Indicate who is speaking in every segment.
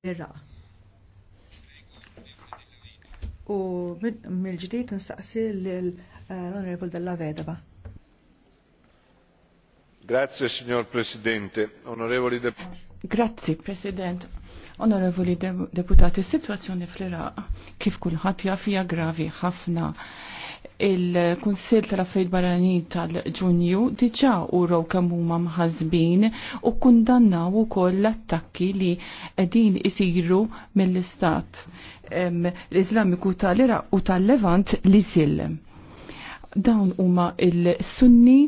Speaker 1: Iraq. U mill-ġdijt nsaqsi eh, l-Onorevole Della Vedova.
Speaker 2: Grazie, signor Presidente. Onorevoli deputati. Grazie, President. Onorevoli deputati, situazzjoni fl-Iraq kif kullħat jafija gravi ħafna il-Kunsil tal-Affarijiet Barranin tal-Ġunju diġà uraw kemm huma mħazbin u kundannaw ukoll l-attakki li qegħdin isiru mill-Istat l-Iżlamiku tal-Iraq u tal-Levant li żil. Dawn huma il-Sunni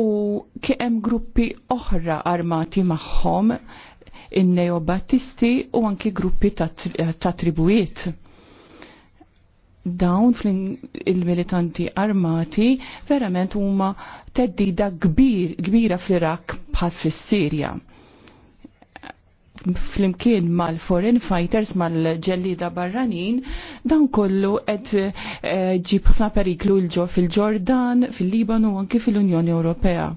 Speaker 2: u kemm gruppi oħra armati magħhom in-neobattisti u anki gruppi ta' tribujiet dawn il-militanti armati verament huma teddida kbir, kbira fl-Irak bħal fis-Sirja flimkien mal-foreign fighters mal-ġellida barranin, dan kollu qed eh, ġib ħafna periklu l-ġo fil-Ġordan, fil-Libanu u anki fil-Unjoni Ewropea.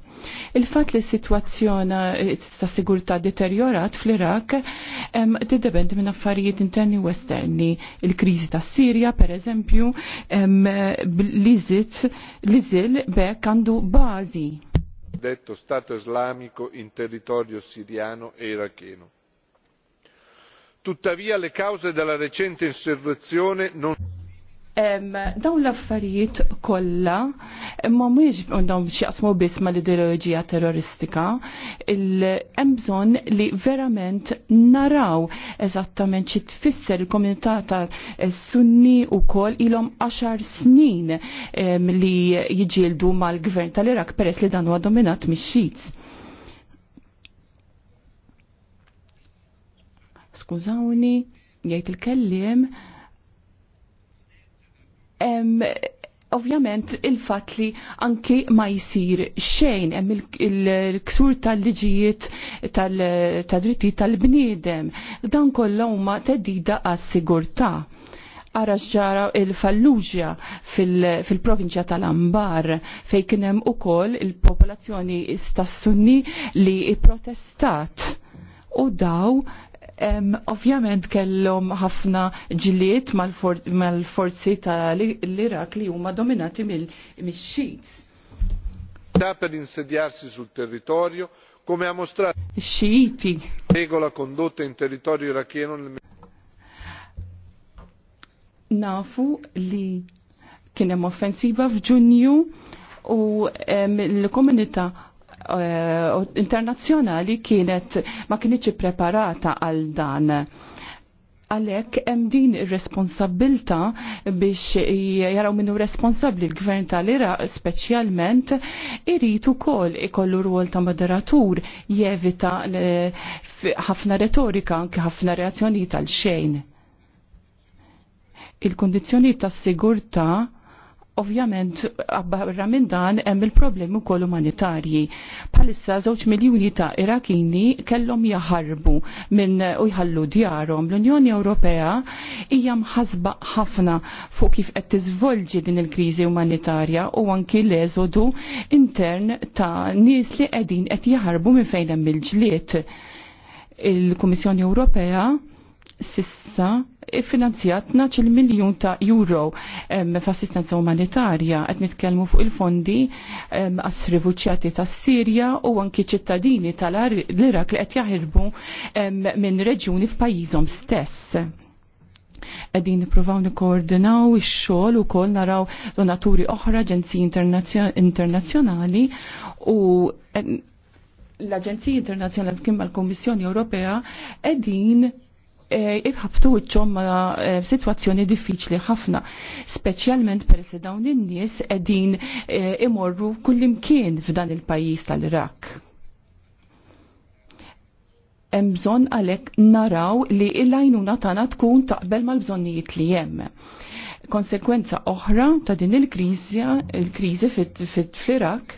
Speaker 2: Il-fat li s-situazzjoni eh, ta' sigurta deteriorat fl-Irak tidebend minn affarijiet interni u esterni. Il-krizi ta' Sirja, per eżempju, l-izil bekk għandu bazi
Speaker 1: detto
Speaker 3: Stato islamico in territorio siriano e iracheno tuttavia le cause della recente insurrezione non
Speaker 2: Dawn l-affarijiet kollha ma mhux għandhom jaqsmu biss mal-ideoloġija terroristika, hemm bżonn li verament naraw eżattament xi tfisser il-komunità ta' Sunni wkoll ilhom għaxar snin li jiġieldu mal-gvern tal-Irak peress li dan huwa dominat mix-Xiits Skużawni, jgħid il-kellim. Ovvjament il-fat li anki ma jisir xejn hemm il-ksur tal-liġijiet tal-dritti tal-bniedem. Dan kollha huma tedida għas-sigurtà ara ġara il-Falluġja fil-provinċja fil tal-Ambar fej kien u ukoll il-popolazzjoni stassunni li protestat u daw Ovvjament kellhom ħafna ġiliet mal-forzi tal-Iraq li huma dominati mill-Xits.
Speaker 3: Per insediarsi sul territorio, come ha mostrato
Speaker 2: Sciiti.
Speaker 3: regola condotta in territorio iracheno nel
Speaker 2: Nafu li kienem offensiva f'Ġunju u l-komunità Eh, internazzjonali kienet ma kienieċi preparata għal dan għalek hemm din ir-responsabilta biex jaraw minnu responsabli l-gvern tal-Iraq speċjalment irid ukoll ikollu rwol ta' moderatur jevita eh, ħafna retorika anke ħafna reazzjoni tal-xejn. Il-kondizzjoni tas-sigurta Ovvjament, barra minn dan hemm il-problemi wkoll umanitarji. Palissa żewġ miljuni ta' Irakini kellhom jaħarbu minn u jħallu djarhom. L-Unjoni Ewropea hija mħasba ħafna fuq kif qed tiżvolġi din il-kriżi umanitarja u anki l-eżodu intern ta' nies li qegħdin qed jaħarbu minn fejn hemm il-ġlied. Il-Kummissjoni Ewropea sissa finanzjat naċ il-miljon ta' euro f'assistenza umanitarja qed nitkellmu fuq il-fondi għas rifuċjati ta' Sirja u anki ċittadini tal-Irak li qed jaħirbu minn reġjuni f'pajizom stess. Qegħdin nippruvaw nikkoordinaw ix-xogħol ukoll naraw donaturi oħra, ġenzi internazzjonali u l-Aġenziji Internazzjonali kien mal-Kommissjoni Ewropea qegħdin jibħabtu eh, ċom ma eh, situazzjoni diffiċli ħafna, specialment peress dawn in-nies edin eh, imorru kullimkien f'dan il-pajis tal-Irak. Emżon għalek naraw li il-lajnuna tana tkun taqbel mal-bżonnijiet li jemm konsekwenza oħra ta' din il krizja il-kriżi fil-Irak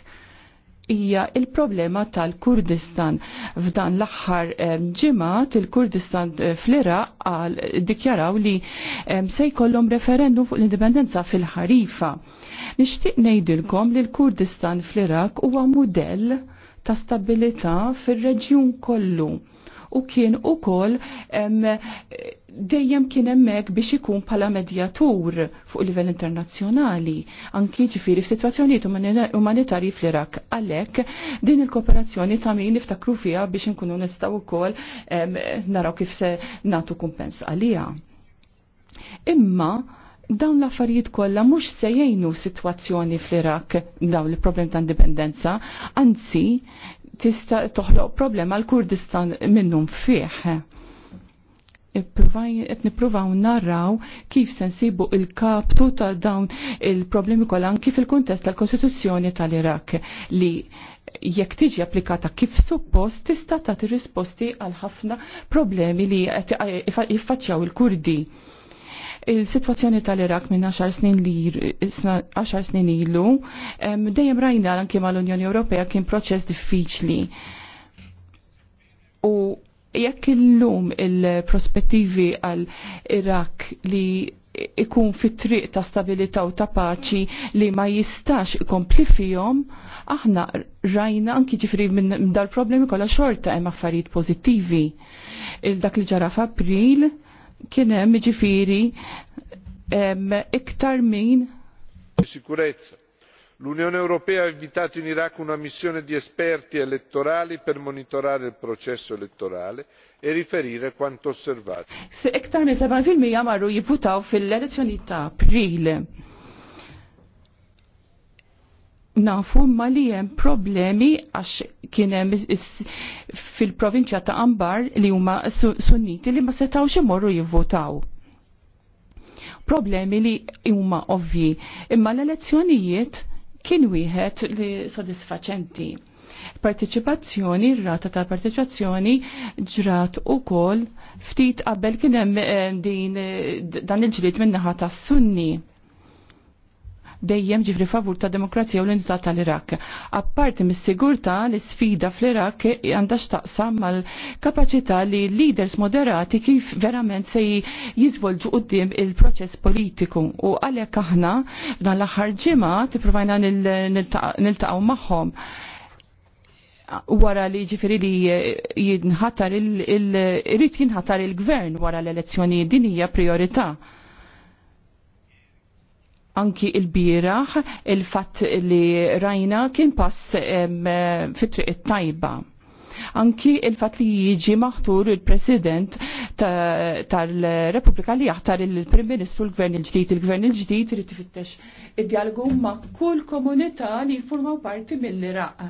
Speaker 2: hija il-problema tal-Kurdistan. F'dan l-aħħar ġimgħat il-Kurdistan eh, fl-Iraq għal dikjaraw li se jkollhom referendum fuq l-indipendenza fil-ħarifa. Nixtieq ngħidilkom li l-Kurdistan fl-Iraq huwa mudell ta' stabilità fir-reġjun kollu u kien ukoll dejjem kien hemmhekk biex ikun bħala medjatur fuq livell internazzjonali, anki f f'sitwazzjonijiet umanitarji fl-Irak. Għalhekk din il-kooperazzjoni ta' min niftakru fiha biex inkunu nistgħu wkoll naraw kif se nagħtu kumpens għalija. Imma dawn l-affarijiet kollha mhux se jgħinu sitwazzjoni fl-Irak dawn il-problem ta' indipendenza, anzi tista' toħloq problema l kurdistan minnhom fih. Qed nippruvaw narraw kif se nsibu il-kaptu ta' dawn il-problemi kollha anki fil-kuntest tal-Kostituzzjoni tal-Irak li jekk tiġi applikata kif suppost tista' tagħti risposti għal ħafna problemi li jiffaċċjaw il-Kurdi il-situazzjoni tal-Irak minn 10 snin li 10 snin ilu, dejjem rajna anke mal-Unjoni Ewropea kien proċess diffiċli. U jekk illum il-prospettivi għal Irak li ikun fit triq ta' stabilità u ta' paċi li ma jistax ikompli fihom, aħna rajna anki ġifri minn dal-problemi kollha xorta hemm affarijiet pożittivi. Il-dak li ġara f'April, kienem ġifiri iktar min.
Speaker 3: Sicurezza. L'Unione Europea ha invitato in Iraq una missione di esperti elettorali per monitorare il processo elettorale e riferire quanto osservato.
Speaker 2: Se iktar min 7% marru jivvutaw fil-elezzjoni ta' aprile nafu ma li hemm problemi għax kien hemm fil-provinċja ta' Ambar li huma sunniti li ma setgħux imorru jivvotaw. Problemi li huma ovvi, imma l-elezzjonijiet kien wieħed li sodisfaċenti. Partiċipazzjoni, rata ta' partiċipazzjoni ġrat u koll ftit qabel kien hemm eh, din eh, dan il-ġlid min-naħa tas-sunni dejjem ġifri favur ta' demokrazija u l-unità tal-Irak. Apparti mis-sigurta l-sfida fl-Irak għandha x'taqsam mal-kapaċità li leaders moderati kif verament se jiżvolġu qudiem il-proċess politiku u għalhekk aħna f'dan l-aħħar ġimgħa tippruvajna niltaqgħu magħhom wara li ġifiri li jinħatar il-rit jinħatar il-gvern wara l-elezzjoni dinija priorita' anki il-biraħ il-fatt li rajna kien pass fit-triq it-tajba. Anki il-fatt li jiġi maħtur il-President tal-Repubblika li jaħtar il-Prim Ministru l-Gvern il-ġdid. Il-Gvern il-ġdid irid tifittex id dialgu ma' kull komunità li jiffurmaw parti mill-Iraq.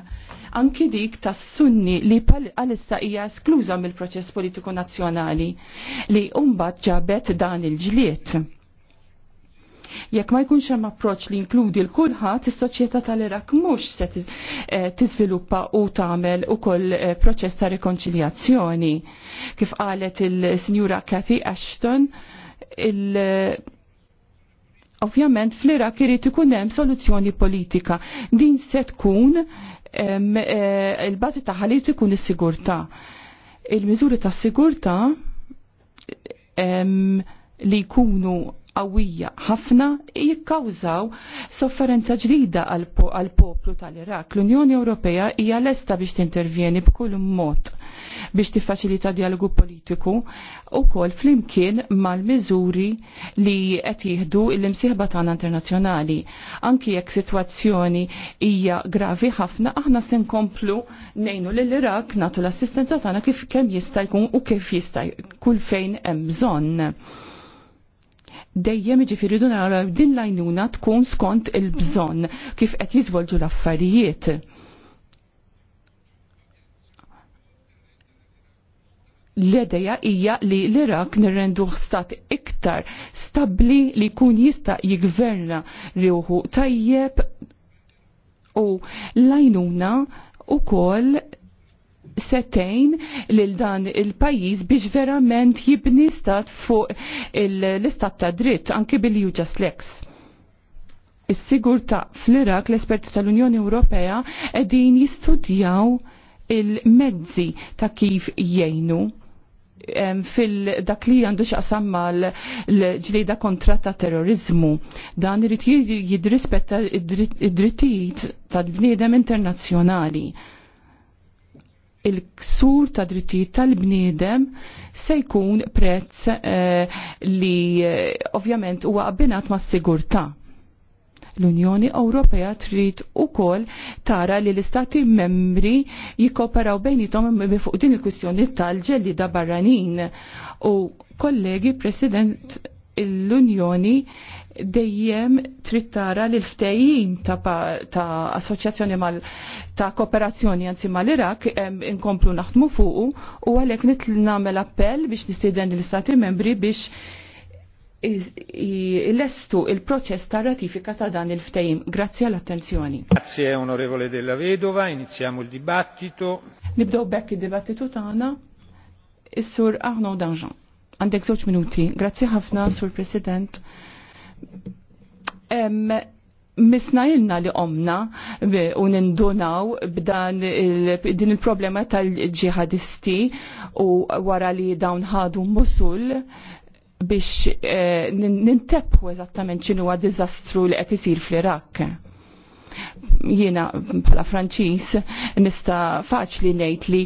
Speaker 2: Anki dik tas-Sunni li għalissa hija skluża mill-proċess politiku nazzjonali li umbat ġabet dan il-ġlied Jekk ma jkunx hemm approċċ li jinkludi l kulħadd, is-soċjetà tal-Irak mhux se eh, tiżviluppa u tagħmel ukoll eh, proċess ta' rekonċiljazzjoni. Kif qalet il-Sinjura Cathy Ashton, il- Ovvjament fl-Irak irid ikun hemm soluzzjoni politika. Din se tkun eh, il-bażi tagħha li tkun is-sigurtà. Il-miżuri tas-sigurtà li jkunu qawwija ħafna jikkawżaw sofferenza ġdida għal poplu tal-Irak. L-Unjoni Ewropea hija lesta biex tintervjeni b'kull mod biex tiffaċilita dialogu politiku u kol flimkien mal-miżuri li qed jieħdu l-imsieħba tagħna internazzjonali. Anki jekk sitwazzjoni hija gravi ħafna aħna se nkomplu ngħinu lill iraq nagħtu l-assistenza tagħna kif kemm jista' jkun u kif jista' kull fejn hemm bżonn dejjem ġifiri dun għaraw din lajnuna tkun skont il-bżon kif qed jizvolġu l-affarijiet. l-edeja hija li l-Irak nirrendu stat iktar stabli li kun jista jigverna riuħu tajjeb u lajnuna u koll setejn lil dan il-pajjiż biex verament jibni stat fuq l-istat ta' dritt anki bil-ju just lex is-sigurta fl-Irak l-esperti tal-Unjoni Ewropea qegħdin jistudjaw il-mezzi ta' kif jgħinu fil-dak li għandu xaqsam mal l-ġlida kontra ta' terrorizmu. Dan irrit jidrispetta id-drittijiet tal-bniedem internazzjonali il-ksur ta' drittijiet tal-bniedem se jkun prezz eh, li eh, ovvjament huwa abbinat ma' sigurtà. L-Unjoni Ewropea trid ukoll tara li l-istati membri jikkoperaw bejnietom fuq din il-kwistjoni tal-ġellida barranin u kollegi President l-Unjoni dejjem trid tara l ftejjim ta', ta assoċjazzjoni mal ta' kooperazzjoni anzi mal-Irak inkomplu naħdmu fuqu u għalhekk nitl nagħmel appell biex nistieden l-Istati membri biex lestu il-proċess ta' ratifika ta' dan il-ftejim. Grazie għall-attenzjoni.
Speaker 3: Grazie onorevole della Vedova, iniziamo il dibattito.
Speaker 2: Nibdew bekk il-dibattitu tagħna is-sur Arnaud Danjean. Għandek żewġ minuti. Grazie ħafna, sur President misna jilna li omna u nindunaw b'dan il, din il-problema tal-ġihadisti u wara li dawn ħadu musul biex eh, eżattament ċinu għad dizastru li qed isir fl-Irak jiena bħala Franċiż nista faċli ngħid li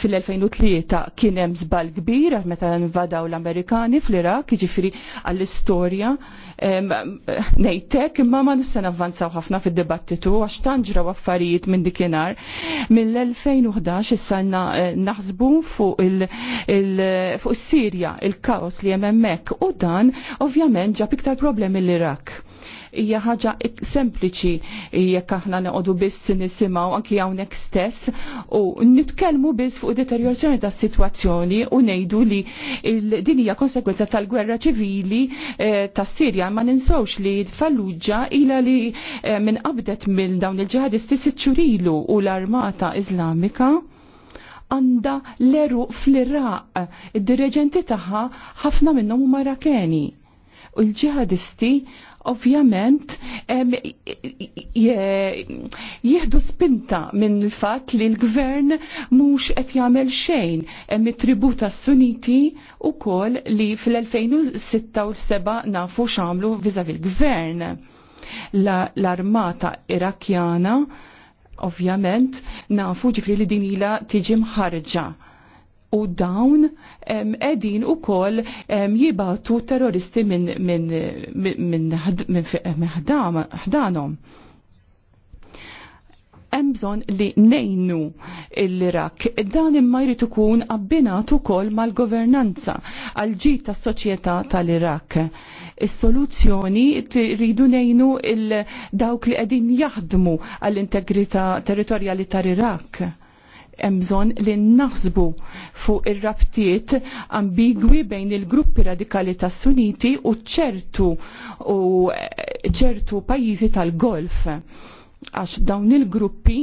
Speaker 2: fil-2003 kien hemm żball kbir meta invadaw l-Amerikani fl-Irak, jiġifieri għall-istorja ngħidlek imma ma nista navvanzaw ħafna fid-dibattitu għax tanġraw affarijiet minn dikinhar. Mill-2011 issa naħsbu fuq il-Sirja, il-kaos li hemm hemmhekk u dan ovvjament ġab iktar problemi l-Irak hija ħaġa sempliċi jekk aħna neqogħdu biss nisimgħu anki hawnhekk stess u nitkellmu biss fuq deterjorazzjoni tas-sitwazzjoni u ngħidu li din hija konsekwenza tal-gwerra ċivili eh, tas-Sirja ma ninsewx li Falluġġa ilha li eh, minn qabdet mill dawn il-ġihadisti siċċurilu u l-Armata Iżlamika għanda l-eru fl-Iraq, id direġenti taħħa ħafna minnhom marakeni. U l-ġihadisti Ovvjament, jieħdu spinta minn l fat li l-gvern mhux qed jagħmel xejn hemm it-tributa suniti u kol li fil-2006 u 7 nafu xamlu viżavi l-gvern. L-armata irakjana ovvjament nafu ġifri li din ila tiġi mħarġa u dawn edin u koll jibatu terroristi minn min, min, min, ħdanom. Emżon li nejnu l-Irak dan imma jrid ikun abbinat ukoll mal-governanza għal ġid tas-soċjetà tal-Irak. Is-soluzzjoni rridu nejnu il dawk li qegħdin jaħdmu għall-integrità territorjali tal-Irak emżon li naħsbu fuq ir-rabtiet ambigwi bejn il-gruppi radikali ta' suniti u ċertu u eh, ċertu pajjiżi tal-golf. Għax dawn il-gruppi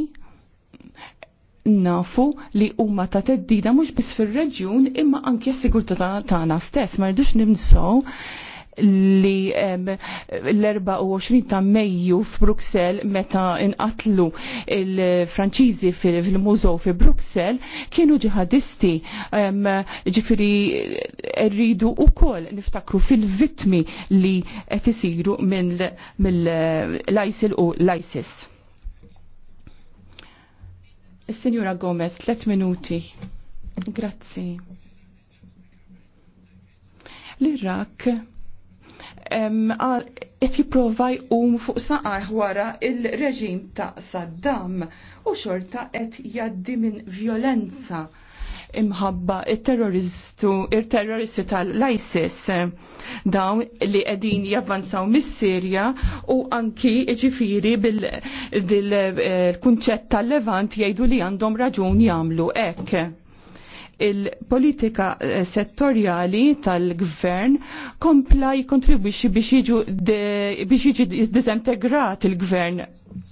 Speaker 2: nafu li huma ta' teddida mhux biss fir-reġjun imma anke s-sigurtà tagħna stess ma rridux nimsow li l-24 ta' Mejju f'Bruxelles meta inqatlu il-Franċiżi fil mużow fi Bruxelles kienu ġihadisti ġifiri rridu u kol niftakru fil-vitmi li qed isiru mill-ISIL u l-ISIS. Signora Gomez, tlet minuti. Grazzi. L-Irak qed jipprova um fuq saqar wara il-reġim ta' Saddam u xorta qed jaddi minn violenza imħabba il-terroristu, il-terroristi tal-ISIS dawn li qegħdin javvanzaw mis-Sirja u anki ġifiri bil-kunċett eh, tal-Levant jgħidu li għandhom raġun jamlu hekk il-politika eh, settorjali tal-gvern kompla jikontribwixi biex jiġi dizintegrat il-gvern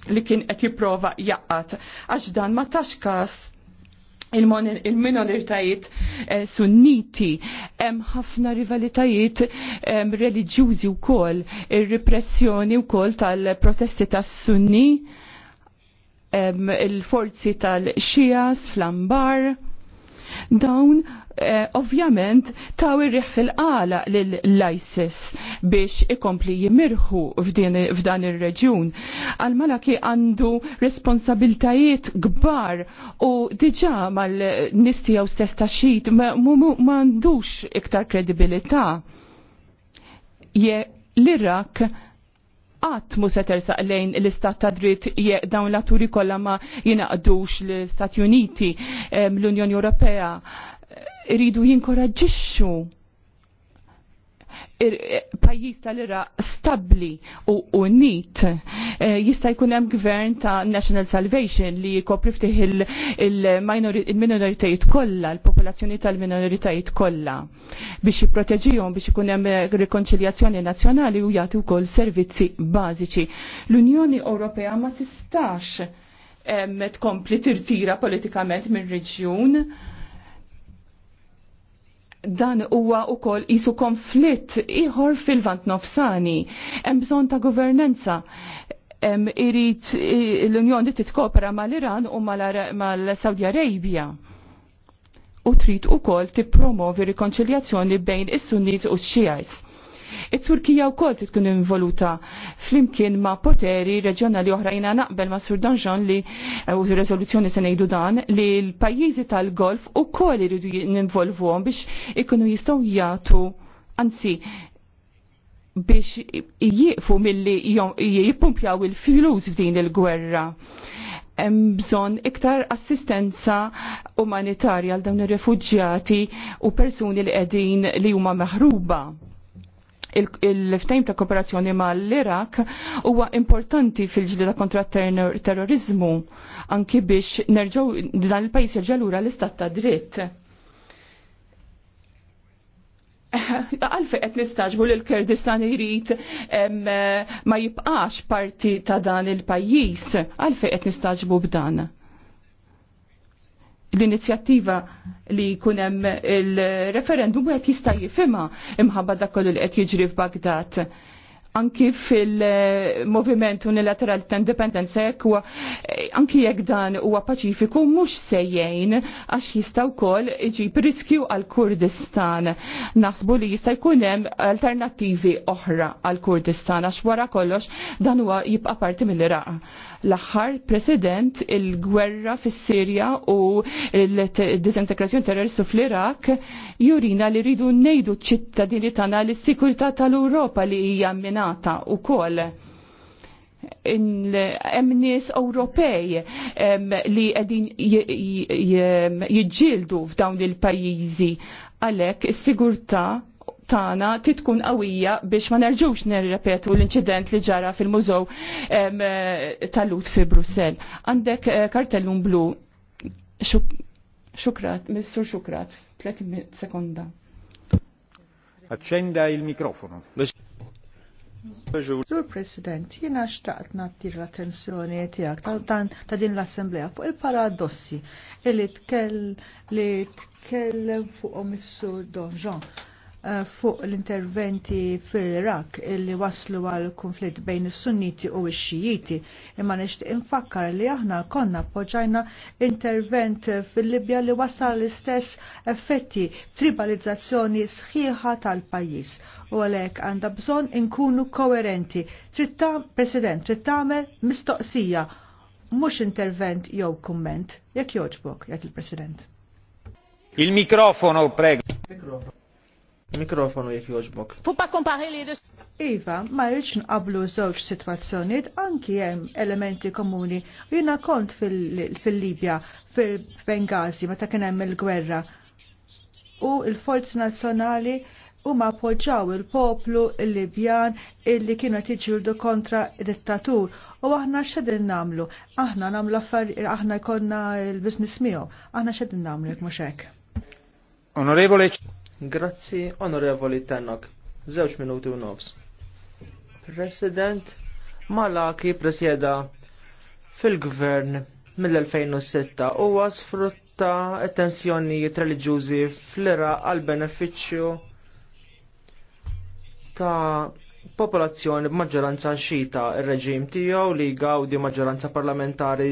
Speaker 2: li kien qed jipprova jaqat għax dan ma tax kas il-minoritajiet il eh, sunniti, hemm ħafna rivalitajiet reliġjużi wkoll, ir-repressjoni wkoll tal-protesti tas-sunni, il-forzi tal-xijas fl-ambar Dawn eh, ovvjament taw irriħ fil-qala l-ISIS biex ikompli jimirħu f'dan ir-reġjun. Għal malaki għandu responsabiltajiet kbar u diġa mal-nistijaw stess ta' xit m'għandux iktar kredibilità. Je l-Irak qatt mu se tersaq lejn l-istat ta' dritt dawn l-atturi kollha ma jinaqdux l-Stati Uniti l-Unjoni Ewropea iridu jinkoraġġixxu pajjiż tal ira stabbli u unit eh, jista' jkun hemm gvern ta' National Salvation li jkopri ftih il-minoritajiet il kollha, l-popolazzjoni tal-minoritajiet kollha biex jipproteġihom biex ikun hemm rikonċiljazzjoni nazzjonali u jagħti wkoll servizzi bażiċi. L-Unjoni Ewropea ma tistax tkompli tirtira politikament mir-reġjun dan huwa ukoll isu konflitt ieħor fil-vant nofsani. Hemm bżonn ta' governanza. Irid l-Unjoni titkopra mal-Iran u mal-Saudi Arabia. U trid ukoll tippromovi rikonċiljazzjoni bejn is-Sunnit u x-Xijajs It-Turkija wkoll titkun involuta flimkien ma' poteri reġjonali oħra jina naqbel ma' Sur Danġan li eh, u rezoluzzjoni se ngħidu dan li l-pajjiżi tal-Golf ukoll iridu ninvolvuhom biex ikunu jistgħu jagħtu anzi biex jieqfu milli jippumpjaw il-flus f'din il-gwerra hemm bżonn iktar assistenza umanitarja għal dawn ir refuġġjati u persuni li qegħdin li huma meħruba il-ftejm ta' kooperazzjoni ma' l-Irak huwa importanti fil-ġdida kontra terrorizmu anki biex nerġaw dan il-pajis jirġalura l-istat ta' dritt. Għalfej qed nistaġbu li l-Kurdistan jrid ma jibqax parti ta' dan il-pajjiż, għalfej qed nistaġbu b'dan l-inizjattiva li kunem il-referendum għet jista' jifima imħabba dakollu li qed jiġri f'Bagdad anki fil-moviment unilateral ta' independence jekk huwa anki jekk dan huwa paċifiku mhux sejjejn għax jista' wkoll iġib riskju għal Kurdistan. Naħsbu li jista' jkun hemm alternattivi oħra għal Kurdistan għax wara kollox dan huwa jibqa' parti mill-Iraq l-aħħar president il-gwerra fis sirja u l-disintegrazzjoni terroristu fl-Irak jurina li rridu nejdu ċittadini tagħna li s-sikurtà tal-Ewropa li hija minata wkoll hemm nies Ewropej li qegħdin jiġġieldu f'dawn il-pajjiżi għalhekk is-sigurtà tana titkun qawwija biex ma nerġux nirrepetu l-inċident li ġara fil-mużew eh, tal-lut fi Brussell. Għandek eh, kartellum blu. Xukrat, Mr. Xukrat, 30 sekonda.
Speaker 3: Accenda il mikrofono. Sur
Speaker 1: President, jiena xtaqt nattir l-attenzjoni tijak ta' dan ta' din l-Assemblea fuq il-paradossi li tkellem fuqhom is-sur Don Eh, fuq l-interventi fil-Irak li waslu għal konflitt bejn is-Sunniti u x-Xijiti. Imma nixtieq infakkar li aħna konna poġajna intervent fil-Libja li wasal l-istess effetti tribalizzazzjoni sħiħa tal-pajjiż. U għalhekk għandha bżonn inkunu koerenti. Tritta, President, trittamel mistoqsija, mhux intervent jew kumment, jekk jogħġbok, jgħid
Speaker 3: il-President. Il-mikrofono, prego. Mikrofono. Mikrofonu jek joġbok.
Speaker 1: Fuq kompari li jidus. Iva, ma rridx nqablu żewġ sitwazzjonijiet anki hemm elementi komuni. Jiena kont fil-Libja, fil fil-Bengazi, meta kien hemm il-gwerra. U l-forzi nazzjonali huma appoġġaw il-poplu il-Libjan illi kienu qed jiġġieldu kontra dittatur u aħna x'edin nagħmlu? Aħna nagħmlu affarijiet aħna jkollna l-business miegħu. Aħna x'edin nagħmlu jekk mhux hekk.
Speaker 3: Onorevole Grazzi, onorevoli Tannok. Zewċ minuti u nofs. President Malaki presjeda fil-gvern mill-2006 u sfrutta tensjonijiet reliġjużi fl-Iraq għal beneficju ta' popolazzjoni b'maġġoranza xita ir-reġim tiegħu li gawdi maġġoranza parlamentari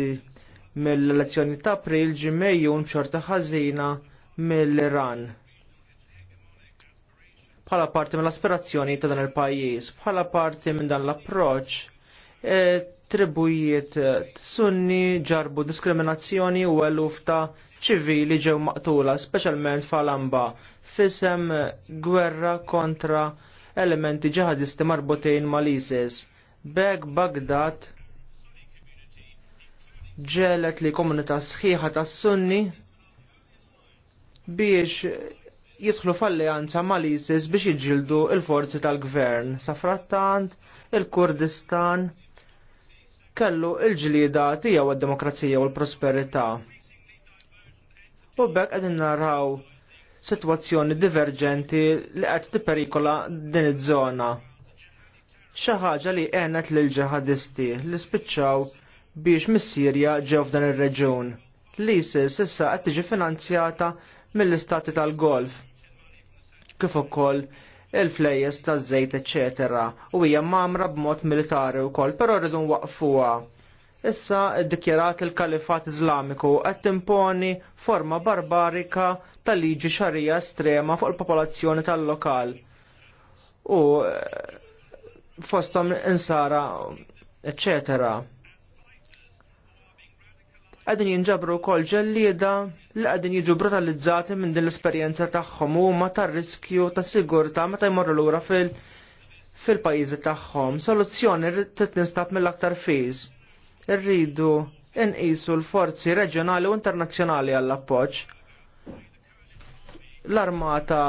Speaker 3: mill-elezzjoni ta' April ġimejjun xorta ħażina mill-Iran bħala parti mill-aspirazzjoni ta' dan il-pajjiż, bħala parti minn dan l-approċċ e, tribujiet sunni ġarbu diskriminazzjoni u eluf ta' ċivili ġew maqtula, speċjalment falamba, fisem gwerra kontra elementi ġihadisti marbutin mal-ISIS. Beg Bagdad ġelet li komunità sħiħa tas sunni biex jidħlu f'alleanza mal-ISIS biex jiġildu il-forzi tal-gvern. Safrattant, il-Kurdistan kellu il-ġlieda tiegħu għad-demokrazija u l-prosperità. U bekk qed naraw sitwazzjoni diverġenti li qed tipperikola din iż-żona. Xi ħaġa li għenet lil ġihadisti li spiċċaw biex mis-Sirja ġew f'dan ir-reġun. L-ISIS issa qed tiġi finanzjata mill-istati tal-Golf kif ukoll il-flejjes taż-żejt eċetera u hija mamra b'mod militari wkoll, però rridu waqfuha. Issa ddikjarat il-Kalifat Iżlamiku qed timponi forma barbarika ta' liġi xarija estrema fuq il-popolazzjoni tal-lokal. U eh, fostom insara, eccetera għadin jinġabru kol ġellieda li għadin jiġu brutalizzati minn din l-esperienza tagħhom u ma tar riskju ta' sigurta meta jmorru lura fil- fil-pajizi tagħhom. Soluzzjoni trid nistab mill-aktar fiż. Irridu inqisu l-forzi reġjonali u internazzjonali għall appoġġ L-armata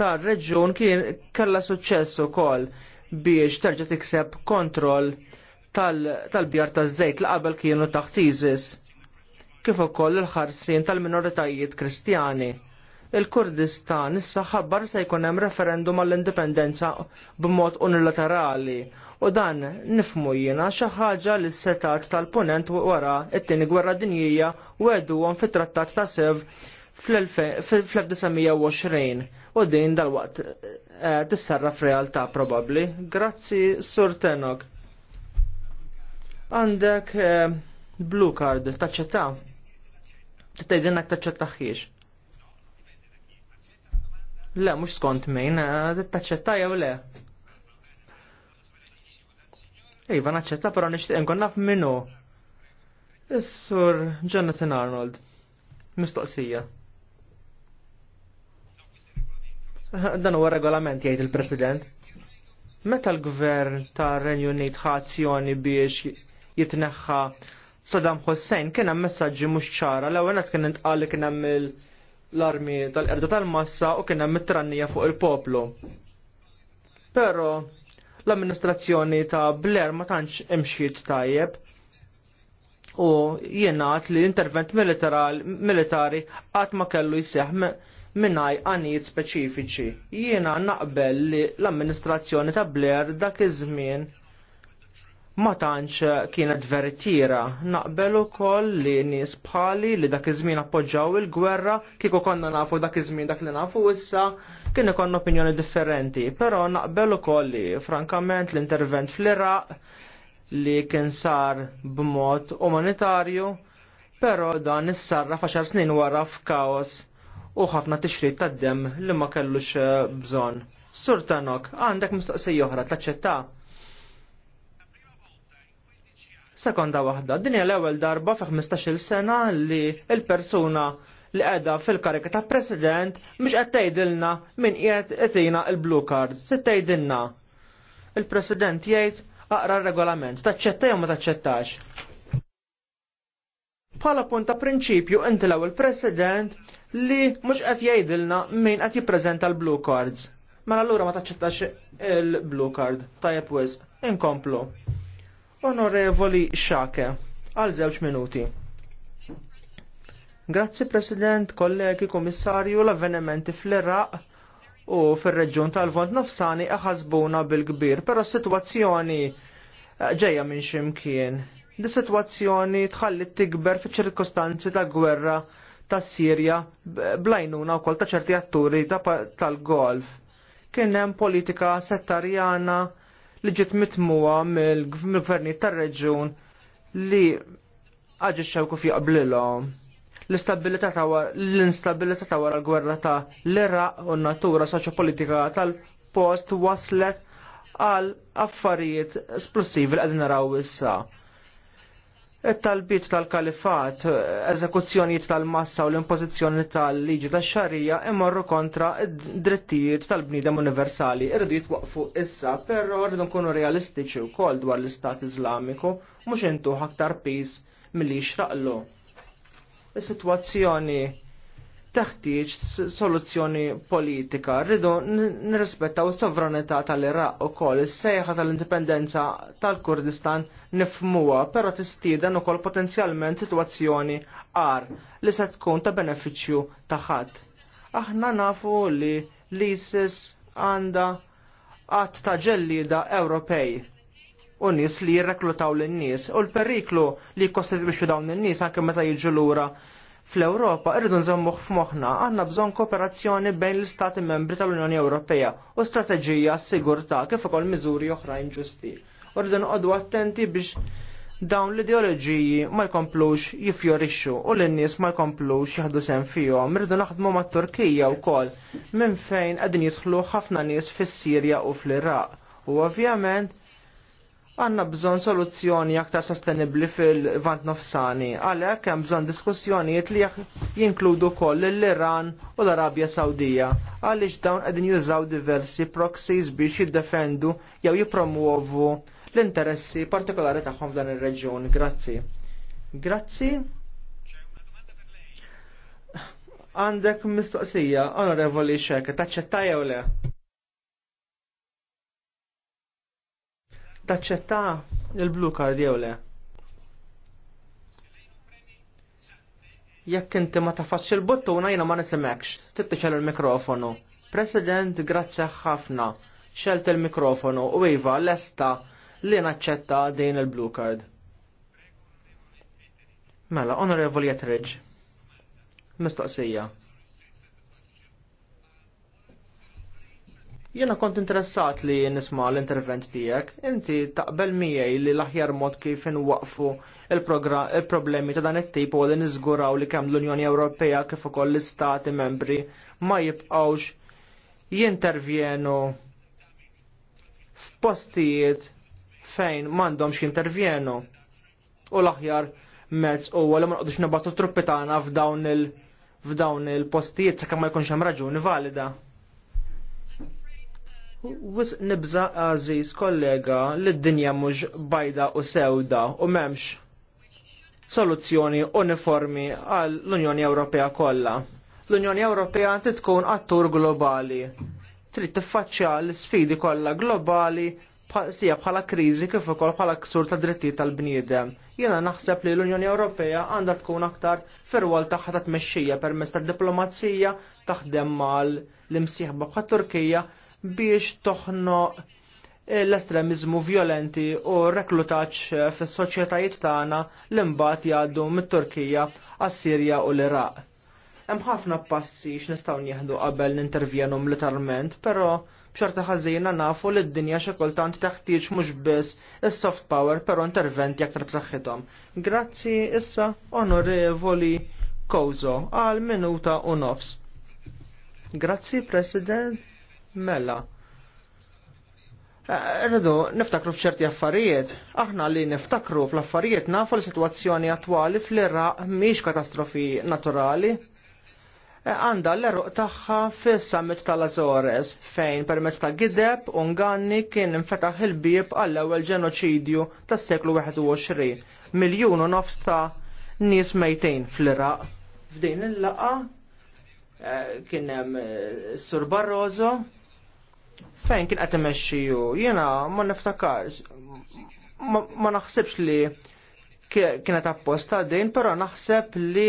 Speaker 3: tar reġjun kien kellha suċċess ukoll biex terġa' tikseb kontroll tal-bjar taż-żejt li qabel kienu taħt ISIS. Kif ukoll il-ħarsien tal-minoritajiet Kristjani. Il-Kurdistan issa ħabbar se jkun hemm referendum għall-indipendenza b'mod unilaterali u dan nifmu jiena xi ħaġa li setat tal-punent wara t-tieni gwerra dinjija wedduhom fit-Trattat ta' Sev fl-1920 u din dal-waqt eh, tissarra f'realtà probabbli. Grazzi Sur Tenok. Għandek eh, blue card, taċċetta. taċċetta taċċettaħiex. Le, mux skont min, eh, taċċetta jew le. Iva, naċċetta, pero nishtiq nkun naf minnu. Is-sur Jonathan Arnold. Mistoqsija. Dan huwa regolament jgħid il-President. Meta l-gvern tar renju Unit ħazzjoni biex jitneħħa Saddam Hussein kien hemm messaġġi mhux ċara l ewwel kien intqal li kien hemm l-armi tal-qerda tal-massa u kien hemm it-trannija fuq il-poplu. Però l-amministrazzjoni ta' Blair ma tantx imxiet tajjeb u jingħad li l-intervent militari qatt ma kellu jseħħ minnaj għanijiet speċifiċi. Jiena naqbel li l-amministrazzjoni ta' Blair dak iż-żmien ma tantx eh, kienet veritiera naqbel ukoll li nies bħali li dak iż-żmien appoġġaw il-gwerra kieku konna nafu dak iż-żmien dak li nafu issa kien ikon opinjoni differenti, però naqbel ukoll li frankament l-intervent fl-Iraq li kien sar b'mod umanitarju, però dan issarra faċar snin wara f'kaos u ħafna tixrid tad-dem li ma kellux eh, bżonn. Sur Tanok, għandek mistoqsija oħra taċċetta' sekonda waħda. Din l-ewwel darba fi 15-il sena li l-persuna li qeda fil-karika ta' president mhux qed tgħidilna min qiegħed qedina l-blue card. Se tgħidilna il-president jgħid aqra r-regolament, taċċetta jew ma taċċettax. Bħala punt ta' prinċipju inti l-ewwel president li mhux qed jgħidilna min qed jippreżenta l-blue cards. Mela allura ma taċċettax il-blue card. Tajjeb wisq, inkomplu. Onorevoli Xake, għal żewġ minuti. Grazzi President, kollegi, komissarju, l-avvenimenti fl-Iraq u fil-reġjun tal-Vont Nofsani aħazbuna bil-kbir, pero situazzjoni eh, ġeja minn ximkien. Di situazzjoni tħalli tikber fi ċirkostanzi ta' gwerra ta' Sirja blajnuna u kol ta' ċerti atturi tal-golf. Kien hemm politika settarjana li ġiet mitmuwa mill-gvernijiet tar-reġjun li xewku fi jaqblilhom. L-istabilità l-instabilità ta' wara l-gwerra ta' l-Iraq u n-natura soċjopolitika tal-post waslet għal affarijiet esplosivi li qegħdin naraw issa tal-bit tal-kalifat, eżekuzzjonijiet tal-massa u l-impożizzjoni tal-liġi tax-xarija imorru kontra id drittijiet tal-bniedem universali. Irridu jitwaqfu issa, però rridu nkunu realistiċi wkoll dwar l-Istat Iżlamiku mhux intuħ aktar pis milli xraqlu. Is-sitwazzjoni taħtieġ soluzzjoni politika. Rridu nirrispettaw s-sovranità tal-Iraq ukoll is-sejħa tal-indipendenza tal-Kurdistan nifmuha, però tistieden ukoll potenzjalment sitwazzjoni għar li se tkun ta' benefiċċju ta' ħadd. Aħna nafu li l-ISIS għandha għat ta' ġellida Ewropej u nies li jirreklutaw lin nies u l-periklu li jkostitwixxu dawn l nies anke meta jiġu lura fl-Ewropa irridu nżommuh f'moħħna għandna bżonn kooperazzjoni bejn l-Istati membri tal-Unjoni Ewropea u strateġija s-sigurtà kif ukoll miżuri oħrajn ġusti. U rridu noqogħdu attenti biex dawn l-ideoloġiji ma jkomplux jifjorixxu u l-nies ma jkomplux jaħdu sem fihom. Irridu naħdmu mat-Turkija wkoll minn fejn qegħdin jidħlu ħafna nies fis-Sirja u fl-Iraq. U ovvjament għanna bżon soluzzjoni aktar sostenibli fil-vant nofsani, għalek hemm bżon diskussjonijiet li jinkludu koll l-Iran u l-Arabja Sawdija, għaliex dawn qegħdin jużaw diversi proxies biex jiddefendu jew jipromuovu l-interessi partikolari tagħhom f'dan ir-reġjun. Grazzi. Grazzi. Għandek mistoqsija, onorevoli xek, taċċetta u le? taċċetta il-blue card jew le. Jekk inti ma tafax il-buttuna jiena ma nisimekx, tittiċel il-mikrofonu. President, grazzi ħafna. Xelt il-mikrofonu u iva lesta li naċċetta din il-blue card. Mela, onorevoli Jetridge. Mistoqsija. Jena kont interessat li nisma l-intervent tijek, inti taqbel miej li l-aħjar mod kif nwaqfu il-problemi ta' dan it-tip u li nizguraw li kemm l-Unjoni Ewropea kif ukoll l-Istati membri ma jibqawx jintervjenu f'postijiet fejn m'għandhomx jintervjenu. U l-aħjar mezz huwa li ma nqodux nibgħatu truppi tagħna f'dawn il-postijiet sakemm ma jkunx hemm raġuni valida. Wis nibza għaziz kollega li d-dinja mhux bajda u sewda u memx soluzzjoni uniformi għal l-Unjoni Ewropea kollha. L-Unjoni Ewropea titkun attur globali. Trid tiffaċċja l-sfidi kollha globali sija bħala kriżi kif ukoll bħala ksur ta' drittijiet tal-bniedem. Jiena naħseb li l-Unjoni Ewropea għandha tkun aktar firwol tagħha ta' tmexxija permezz tad-diplomazija taħdem mal l-imsieħba bħat Turkija biex toħnoq eh, l-estremizmu violenti u reklutaċ eh, fis soċjetajiet tagħna l imbagħad jgħaddu mit-Turkija għas-Sirja u l-Iraq. Hemm ħafna passi nistgħu nieħdu qabel nintervjenu militarment, però b'xorta ħażina nafu li d-dinja xi kultant teħtieġ mhux biss is-soft power però interventi aktar b'saħħithom. Grazzi issa onorevoli Kozo għal minuta u nofs. Grazzi President Mela. Eh, rridu, niftakru f'ċerti affarijiet. Aħna li niftakru fl-affarijiet nafu l-situazzjoni attwali fl-Iraq miex katastrofi naturali. Eh, għanda l-eruq tagħha fis-summit tal-Azores fejn permezz ta' gideb un nganni kien infetaħ il-bieb għall-ewwel ġenoċidju tas-seklu 21. Miljun u nofs ta' nies mejtejn fl-Iraq. F'din il-laqa eh, kien hemm Sur Barroso, Fejn kien qed imexxiju, jiena ma niftakarx, ma naħsibx li kienet apposta din, però naħseb li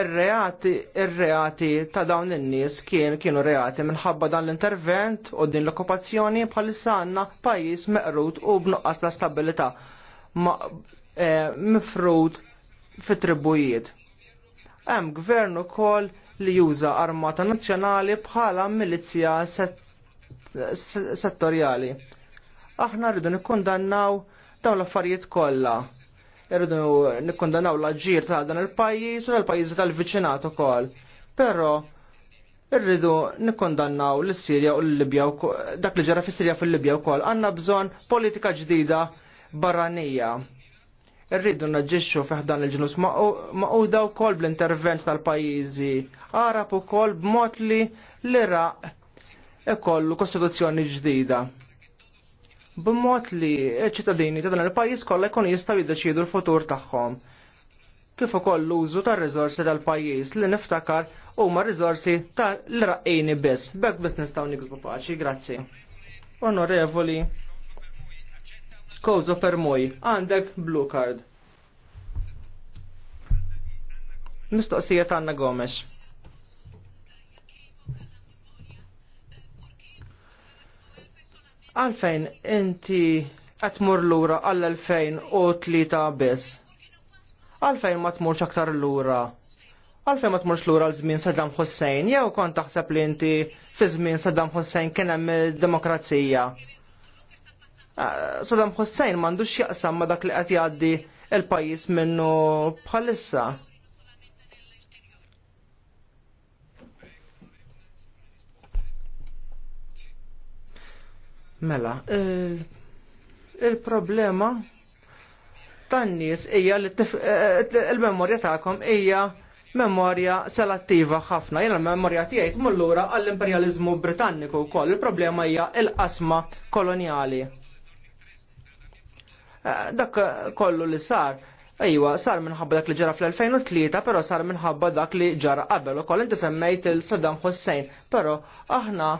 Speaker 3: il-reati il-reati ta' dawn in-nies kien kienu reati minħabba dan l-intervent u din l-okkupazzjoni bħalissa għandna pajjiż meqrut u b'nuqqas la stabilità eh, mifrut fit-tribujiet. Hemm gvern ukoll li juża armata nazzjonali bħala milizja settorjali. Aħna rridu nikkondannaw dawn l-affarijiet kollha. Irridu nikkondannaw l-aġġir ta' dan il-pajjiż u tal pajjiżi tal-viċinat ukoll. Però irridu nikkondannaw l-Sirja u l-Libja dak li ġara fis-Sirja fil-Libja wkoll. Għandna bżonn politika ġdida barranija Irridu naġġixxu fih dan il-ġnus maquda wkoll bl-intervent tal-pajjiżi Arab ukoll b'mod li l-Iraq ikollu kostituzzjoni ġdida. B'mod li ċittadini ta' dan il-pajjiż kollha jkun jistaw jiddeċiedu l-futur tagħhom kif ukoll l-użu tar-riżorsi tal-pajjiż li niftakar huma riżorsi tal-raqqini biss. Bekk biss nistgħu niksbu paċi, grazzi. Onorevoli Kozo fermoj, għandek blue card. Mistoqsija ta' Anna Gomes. Għalfejn inti għatmur l-ura għall-2003 biss? Għalfejn ma tmurx aktar l-ura. Għalfejn ma tmurx l-ura l-żmien Saddam Hussein, jew kont taħseb li inti fi żmien Saddam Hussein kien hemm demokrazija. Saddam Hussein m'għandux xieqsam ma dak li qed jgħaddi il-pajjiż minnu bħalissa. Mela, il-problema tan-nies hija li eh, il-memorja tagħkom hija memorja selattiva ħafna. Jena memorja tiegħi mullura għall-imperializmu britanniku wkoll. Il-problema hija il-qasma koloniali. Eh, dak eh, kollu li sar. Ejwa, sar minħabba dak li ġara fl-2003, pero sar minħabba dak li ġara qabel u koll inti semmejt il-Saddam Hussein, pero aħna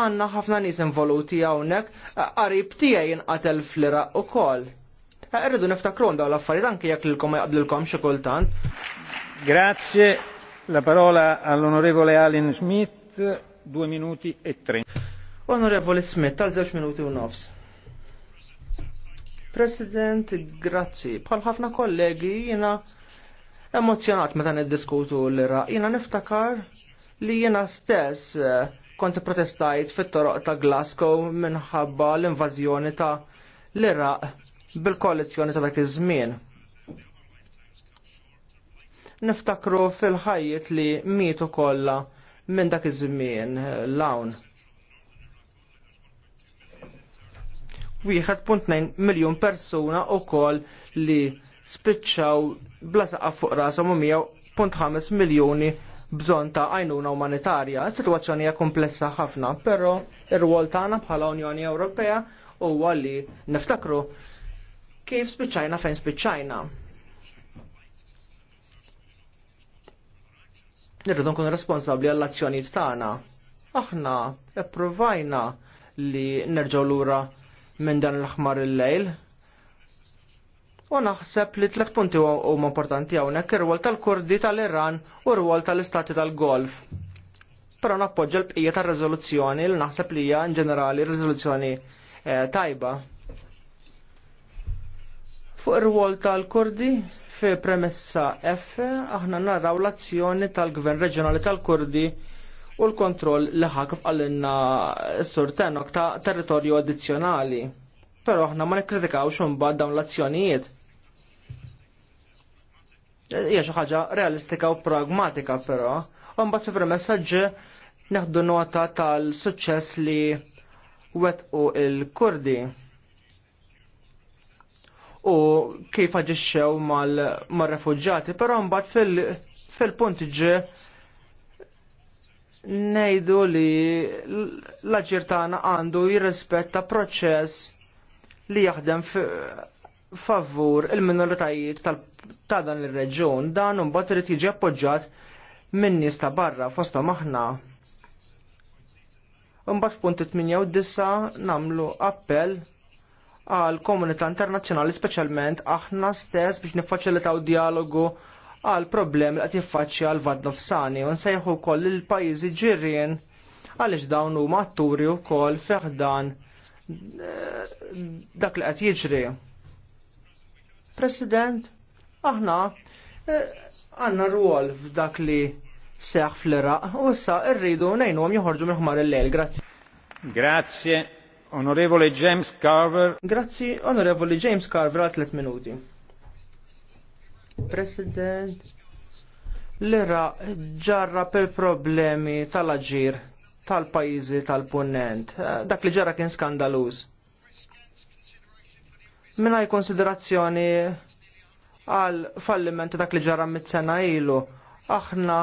Speaker 3: għanna ħafna nis involuti għawnek, għarib eh, tijaj jinqatel fl-Iraq u koll. Irridu niftakron daw l-affarijiet anke jekk lilkom ma jaqblilkom xi kultant. Grazie. La parola all'onorevole Alin Smith, due minuti e tre. Onorevole Smith, tal żewġ minuti u nofs. President, grazzi. Bħal ħafna kollegi jiena emozjonat meta niddiskutu l-Iraq. Jiena niftakar li jiena stess eh, kont protestajt fit-toroq ta' Glasgow minħabba l-invażjoni ta' l-Iraq bil-koalizjoni ta' dak iż-żmien. Niftakru fil-ħajjiet li mietu kollha minn dak iż-żmien l-awn. 1.9 miljon persuna u kol li spiċċaw bla saqqa fuq rasom u 100.5 miljoni bżon ta' għajnuna umanitarja. Situazzjoni hija komplessa ħafna, però ir-rwol tagħna bħala Unjoni Ewropea huwa li niftakru kif spiċċajna fejn spiċċajna. Nirridu nkunu responsabbli għall-azzjonijiet tagħna. Aħna ippruvajna li nerġgħu lura minn dan l-aħmar il-lejl. U naħseb li tlet punti huma importanti hawnhekk ir-rwol tal-Kurdi tal-Iran u r-rwol tal-Istati tal-Golf. Però nappoġġa l-bqija tar-riżoluzzjoni li naħseb li hija in ġenerali riżoluzzjoni eh, tajba. Fuq ir-rwol tal-Kurdi fi premessa F aħna naraw l-azzjoni tal-Gvern Reġjonali tal-Kurdi tal gvern reġjonali tal kurdi u l-kontroll li ħak kif s-sur tenok ta' territorju addizzjonali. Però aħna ma nikkritikawx imbagħad dawn l-azzjonijiet. Hija xi ħaġa realistika u pragmatika però, u mbagħad fi premessa ġi neħdu nota tal-suċċess li u il-Kurdi u kif aġixxew mal-refugġati, però mbagħad fil-punt ġi ngħidu li l-aġirtana għandu jirrespetta proċess li jaħdem favur il-minoritajiet ta' dan ir-reġjun dan un irid jiġi appoġġjat minn nies ta' barra fosthom aħna. Imbagħad f'punt 8 u namlu nagħmlu appell għal komunità internazzjonali speċjalment aħna stess biex niffaċilitaw dialogu għal problem li qed jiffaċċja għal vad nofsani u nsejħu wkoll il-pajjiżi ġirien għaliex dawn huma u wkoll feħdan eh, dak li qed jiġri. President, aħna eh, għanna ruol f'dak li seħ fl-Iraq u issa rridu ngħinhom joħorġu minn ħmar il-lejl. Grazie. Grazie, onorevole James Carver. Grazzi, onorevole James Carver, għal 3 minuti. President, l-ira ġarra per problemi tal-aġir tal-pajizi tal-punent. Eh, dak li ġara kien skandaluż. Minaj konsiderazzjoni għal fallimenti dak li ġarra mit-sena ilu, aħna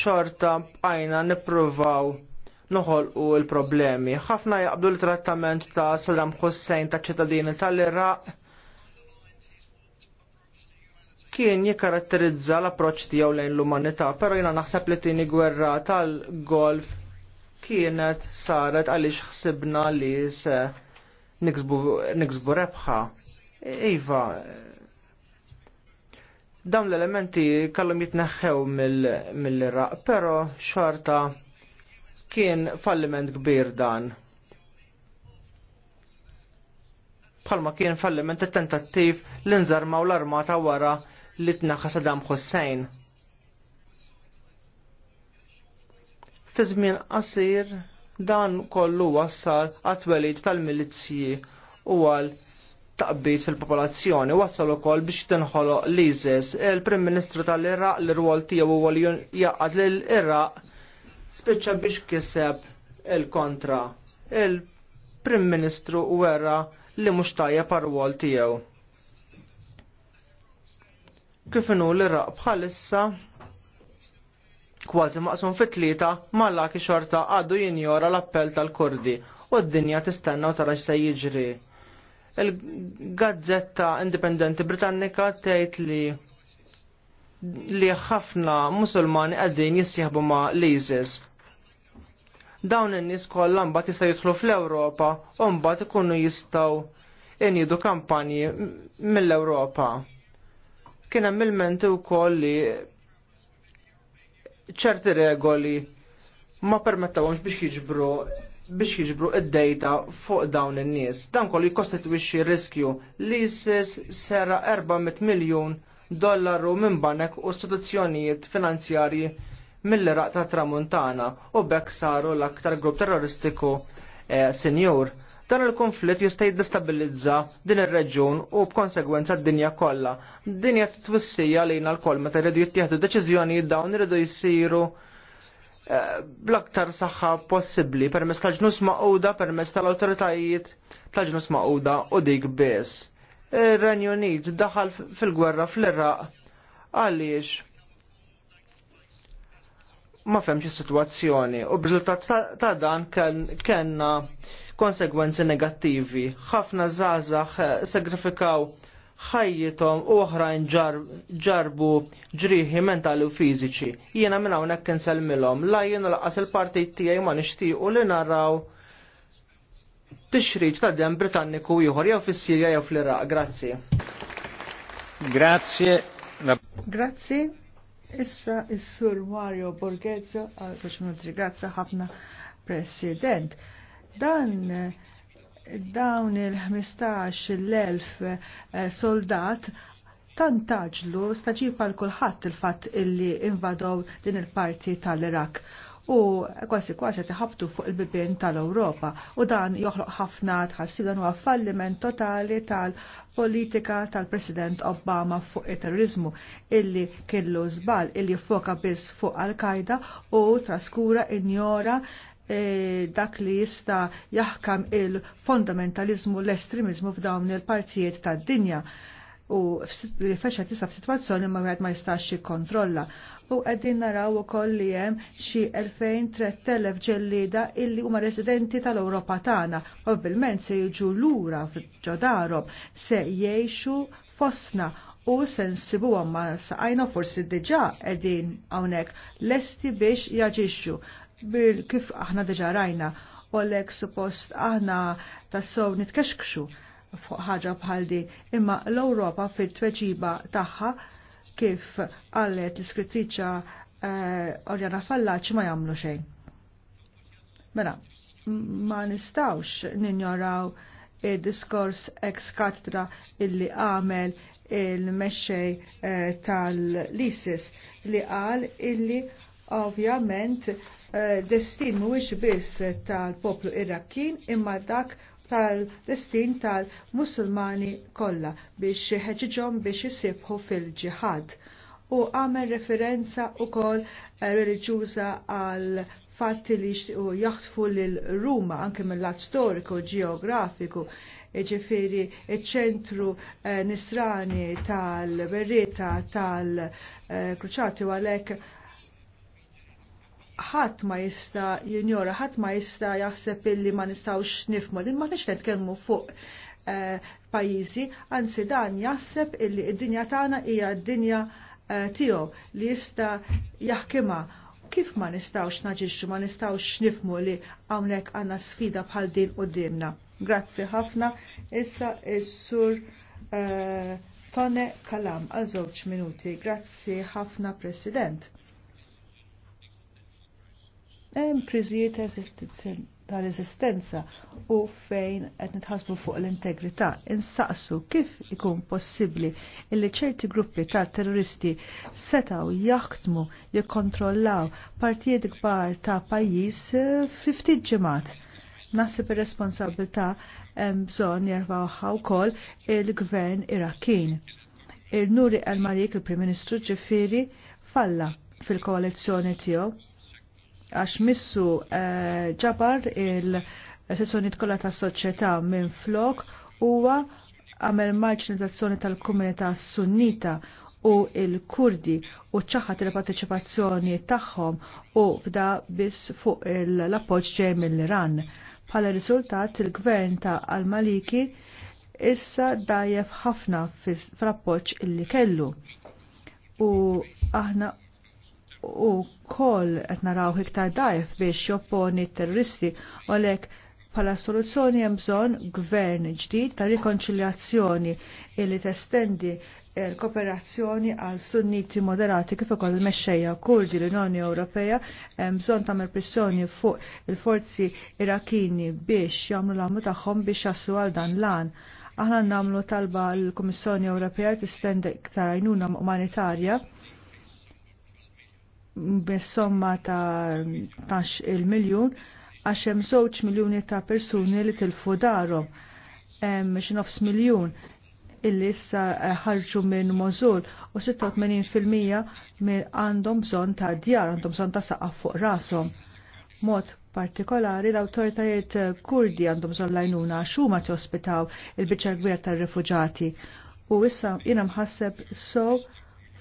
Speaker 3: xorta bqajna nipruvaw noħolqu l-problemi. ħafna jgħabdu l-trattament ta' Saddam Hussein ta' ċittadini tal-Iraq kien jikaratterizza l-approċ tiegħu lejn l-umanità, però jiena naħseb li tieni gwerra tal-golf kienet saret għaliex ħsibna li se niksbu rebħa. Iva, dawn l-elementi kellhom jitneħħew mill-Iraq, però xorta kien falliment kbir dan. Bħalma kien falliment it-tentattiv l-inżarmaw l-armata wara li tnaħħa Saddam Hussein. Fi żmien qasir dan kollu wassal għat-twelid tal-milizzji u għal taqbit fil-popolazzjoni wassal ukoll biex tinħoloq l-ISIS. Il-Prim Ministru tal-Iraq l rwol tiegħu huwa li jaqgħad lil Iraq spiċċa biex kiseb il-kontra. Il-Prim Ministru wera li mhux tajjeb par rwol tiegħu. Kif inhu l raq bħalissa kważi maqsum fit-tlieta mal-laki xorta għadu jinjora l-appell tal-Kurdi u d-dinja tistenna u tara se jiġri. Il-Gazzetta Indipendenti Britannika tgħid li li ħafna musulmani għaddin jissieħbu ma' l-ISIS. Dawn in-nies kollha mbagħad jista' jidħlu fl-Ewropa u mbagħad ikunu jistgħu injidu kampanji mill-Ewropa. Kien hemm il-menti wkoll li ċerti regoli ma permettawhomx biex jiġbru biex jiġbru id-dejta fuq dawn in-nies. Dan kollu jikkostitwixxi riskju li ISIS sera 400 miljun dollaru minn banek u istituzzjonijiet finanzjarji mill-Iraq ta' Tramuntana u bekk saru l-aktar grupp terroristiku eh, senjur Dan il-konflitt jista' jiddestabilizza din ir-reġjun u b'konsegwenza d-dinja kollha. Dinja titwissija lejna l-koll meta jridu jittieħdu deċiżjonijiet dawn iridu jsiru eh, bl-aktar saħħa possibbli permezz tal-ġnus maquda permezz tal-awtoritajiet tal-ġnus maquda u dik biss. Ir-Renju Unit daħal fil-gwerra fl-Iraq għaliex ma femx is-sitwazzjoni u b'riżultat ta' dan kellna konsegwenzi negattivi. Ħafna żgħażagħ eh, sagrifikaw ħajjithom u oħrajn ġarbu ġrieħi mentali u fiżiċi. Jiena minn hawnhekk insellmilhom, la jien laqas il-partit tiegħi ma nixtiequ li naraw tixrid ta' dem Britanniku ieħor jew fis-Sirja jew fl-Iraq. Grazzi. Grazzi.
Speaker 1: Grazzi. Issa is-Sur Mario Borghezzo għal minuti grazzi ħafna President. Dan dawn il-15 l-1000 eh, soldat tant taġlu staġib għal kulħadd il-fatt illi invadow din il-parti tal-Irak u kwasi kwasi tħabtu fuq il-bibien tal-Ewropa u dan joħloq ħafna tħassib dan huwa falliment totali tal-politika tal-President Obama fuq it-terrorizmu illi kellu zbal illi foka biss fuq Al-Qaeda u traskura injora E, dak li jista jaħkam il-fondamentalizmu, l-estremizmu f'dawn il-partijiet tad dinja u li tisa f-situazzjoni ma wieħed ma jistax jikkontrolla. U qegħdin naraw ukoll li hemm xi 2000-3000 ġellida illi huma residenti tal-Ewropa tagħna, Probabilment se jiġu lura f'ġodarhom se jgħixu fosna u sensibu għamma saqajna forsi diġa għonek l lesti biex jaġiġu bil kif aħna deġa rajna u l-ek suppost aħna tassow nitkexkxu fuq ħaġa bħal din, imma l-Ewropa fit-tweġiba tagħha kif għallet l-iskrittriċa eh, Orjana Fallaċ ma jagħmlu xejn. Mela, ma nistawx ninjoraw il-diskors ex katra illi għamel il-mexxej eh, tal lisis li qal illi Ovvjament, eh, destin mhuwiex biss tal-poplu Irakkin imma dak tal-destin tal-Musulmani kollha biex ħeġiġhom biex isibħu fil-ġihad. U għamel referenza wkoll eh, reliġjuża għal fatti li u jaħtfu lil Ruma anke mill-lat storiku ġeografiku ġifiri ċentru eh, nisrani tal-berrieta tal-kruċati u għalek ħadd ma jista' jinjora, ħadd ma jista' jaħseb illi ma nistgħux nifmu li ma nix nitkellmu fuq eh, pajjiżi, anzi dan jaħseb illi d-dinja tagħna hija d-dinja eh, tiegħu li jista' jaħkimha kif ma nistawx naġiġu, ma nistawx nifmu li hawnhekk għanna sfida bħal din u dimna. Grazzi ħafna, issa il-sur eh, Tone Kalam, għal żewġ minuti. Grazzi ħafna, President hemm kriżijiet tal-eżistenza u fejn qed nitħassbu fuq l-integrità insaqsu kif ikun possibbli illi ċerti gruppi ta' terroristi setaw jaħdmu jikkontrollaw partijiet kbar ta' pajjiż fi ftit ġimgħat. Nasib ir-responsabilità hemm bżonn jerfawha wkoll il-gvern Irakin. Il-Nuri El-Malik, il-Prim Ministru ġifieri, falla fil-koalizzjoni tiegħu għax missu eh, ġabar il-sessjoni kollha ta' soċjetà minn flok huwa għamel marġinalizzazzjoni tal-komunità sunnita u il-Kurdi u ċaħat il-parteċipazzjoni tagħhom u fda biss fuq l-appoġġ ġej mill-Iran. Bħala riżultat il-gvern ta' al-Maliki issa dajjef ħafna fl-appoġġ illi kellu. U aħna u kol qed naraw iktar dajf biex jopponi terroristi u lek pala soluzzjoni hemm bżonn gvern ġdid ta' rikonċiljazzjoni illi testendi l-kooperazzjoni għal sunniti moderati kif ukoll il-mexxejja kurdi l-Unjoni Ewropea hemm bżonn tagħmel pressjoni fuq il-forzi Irakini biex jagħmlu l ammu tagħhom biex jaslu għal dan lan. Aħna nagħmlu talba l-Kummissjoni Ewropea tistendi iktar għajnuna umanitarja b'somma ta' 12 miljun għax hemm żewġ miljuni ta' persuni li tilfu darhom. Hemm xi nofs miljun illi issa ħarġu minn Mosul u 86% minn għandhom bżonn ta' djar, għandhom bżonn ta' saqaf fuq rashom. Mod partikolari l-awtoritajiet kurdi għandhom bżonn lajnuna għax huma ospitaw il-biċċa kbira tar-refuġati. U issa jiena mħasseb so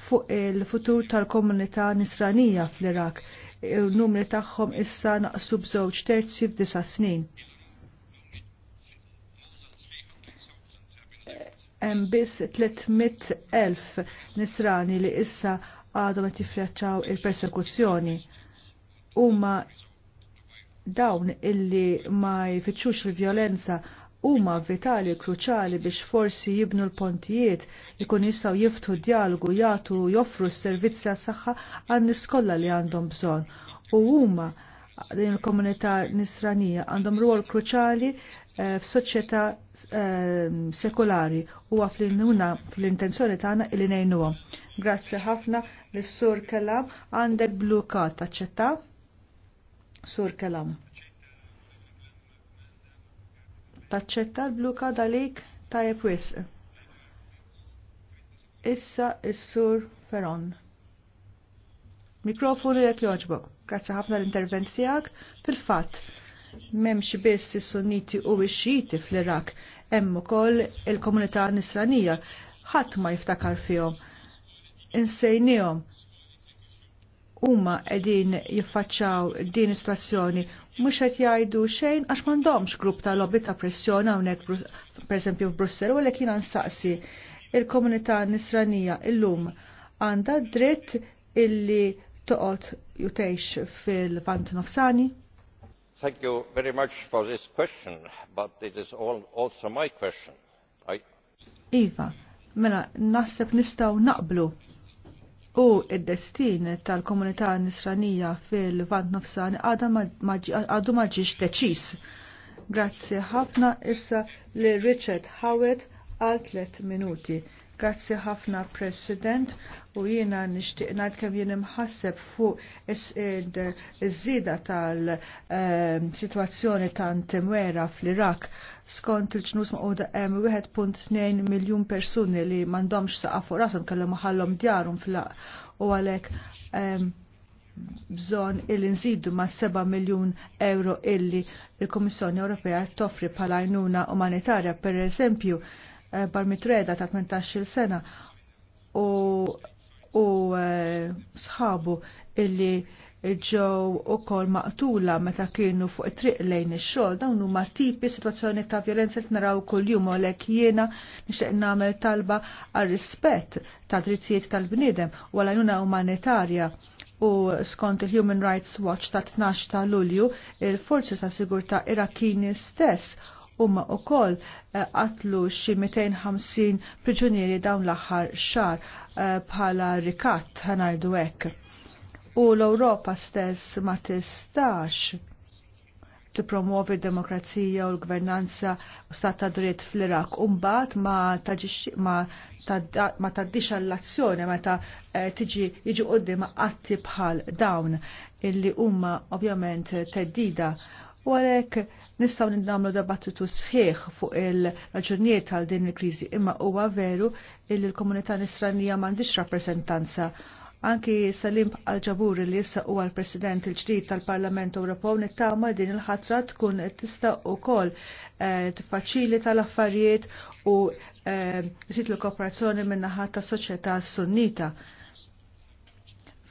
Speaker 1: fuq il-futur tal-komunità nisranija fl-Irak. Il-numri tagħhom issa naqsu b'żewġ terzi f'disa snin. Hemm biss 300,000 nisrani li issa għadhom qed jiffreċċaw il-persekuzzjoni. Huma dawn illi ma jfittxux il-vjolenza il il vjolenza huma vitali kruċali biex forsi jibnu l-pontijiet ikun jistgħu jiftu dialogu jagħtu joffru s-servizzi għas-saħħa għan niskolla li għandhom bżonn. U huma din il-komunità nisranija għandhom rwol kruċali eh, f'soċjetà eh, sekolari u għaflinuna fl-intenzjoni tagħna li ngħinuhom. Grazzi ħafna lis sur Kellam, għandek blu kat taċċetta? Sur Kellam taċċetta l bluka dalik ta' tajjeb wisq. Issa is-sur Feron. Mikrofonu jek joġbok. Grazzi ħafna l-intervent tiegħek. Fil-fatt, memx biss s sunniti u x-xiti fl-Irak, hemm ukoll il-komunità nisranija. Ħadd ma jiftakar fihom. Insejnijom, huma qegħdin jiffaċċaw din is-sitwazzjoni mhux qed jgħidu xejn għax m'għandhomx grupp ta' lobby ta' pressjoni hawnhekk esempio, f'Brussell u għalhekk jiena nsaqsi il-komunità nisranija il-lum għandha dritt illi toqgħod jutejx fil-Vant Nofsani?
Speaker 3: Thank you very much for this question, but it is all also my question. I...
Speaker 1: Iva, mela naħseb nistgħu naqblu u id-destin tal-komunità nisranija fil-Vant Nofsani għadu maġiġ deċis. Grazzi ħafna issa li Richard Howard għal 3 minuti. Grazzi ħafna President u jiena nixtieq ngħid kemm jien imħasseb fuq iż-żieda tal-sitwazzjoni ehm, ta' ntemwera fl-Irak skont il-ġnus maquda hemm 1.2 miljun persuni li m'għandhomx saqa' fuq rashom kellhom maħallhom djarhom fl laq u għalhekk ehm, bżon il-nżidu ma' 7 miljon euro illi il-Komissjoni Ewropea toffri bħala għajnuna umanitarja, per eżempju, Eh, barmitreda ta' 18 sena u u eh, sħabu illi ġew ukoll maqtula meta kienu fuq it-triq lejn ix-xogħol dawn huma tipi situazzjoni ta' violenza li naraw kuljum għalhekk jiena nixtieq nagħmel talba għal rispett ta' drittijiet tal-bniedem u għal għajnuna umanitarja u skont il-Human Rights Watch ta' 12 ta' Lulju, il-forzi ta' sigurta' Irakini stess u wkoll għatlu eh, xi 250 priġunieri dawn l-aħħar xar eh, bħala rikat ħanajdu hekk. U l-Ewropa stess ma tistax tipromuovi demokrazija u l-gvernanza u stat ta' dritt fl-Irak. Umbat ma taddix għall-azzjoni meta eh, tiġi jiġi ma atti bħal dawn illi huma ovvjament teddida u għalhekk nistaw nindamlu dabattitu sħiħ fuq il-raġunijiet għal din il-kriżi imma huwa veru il l-komunità nisranija mandiċ rappresentanza. Anki Salim al ġabur li issa huwa l-President il-ġdid tal-Parlament Ewropew nittama din il-ħatra tkun tista' t eh, tfaċili tal-affarijiet u sit eh, l-kooperazzjoni min-naħa soċieta soċjetà Sunnita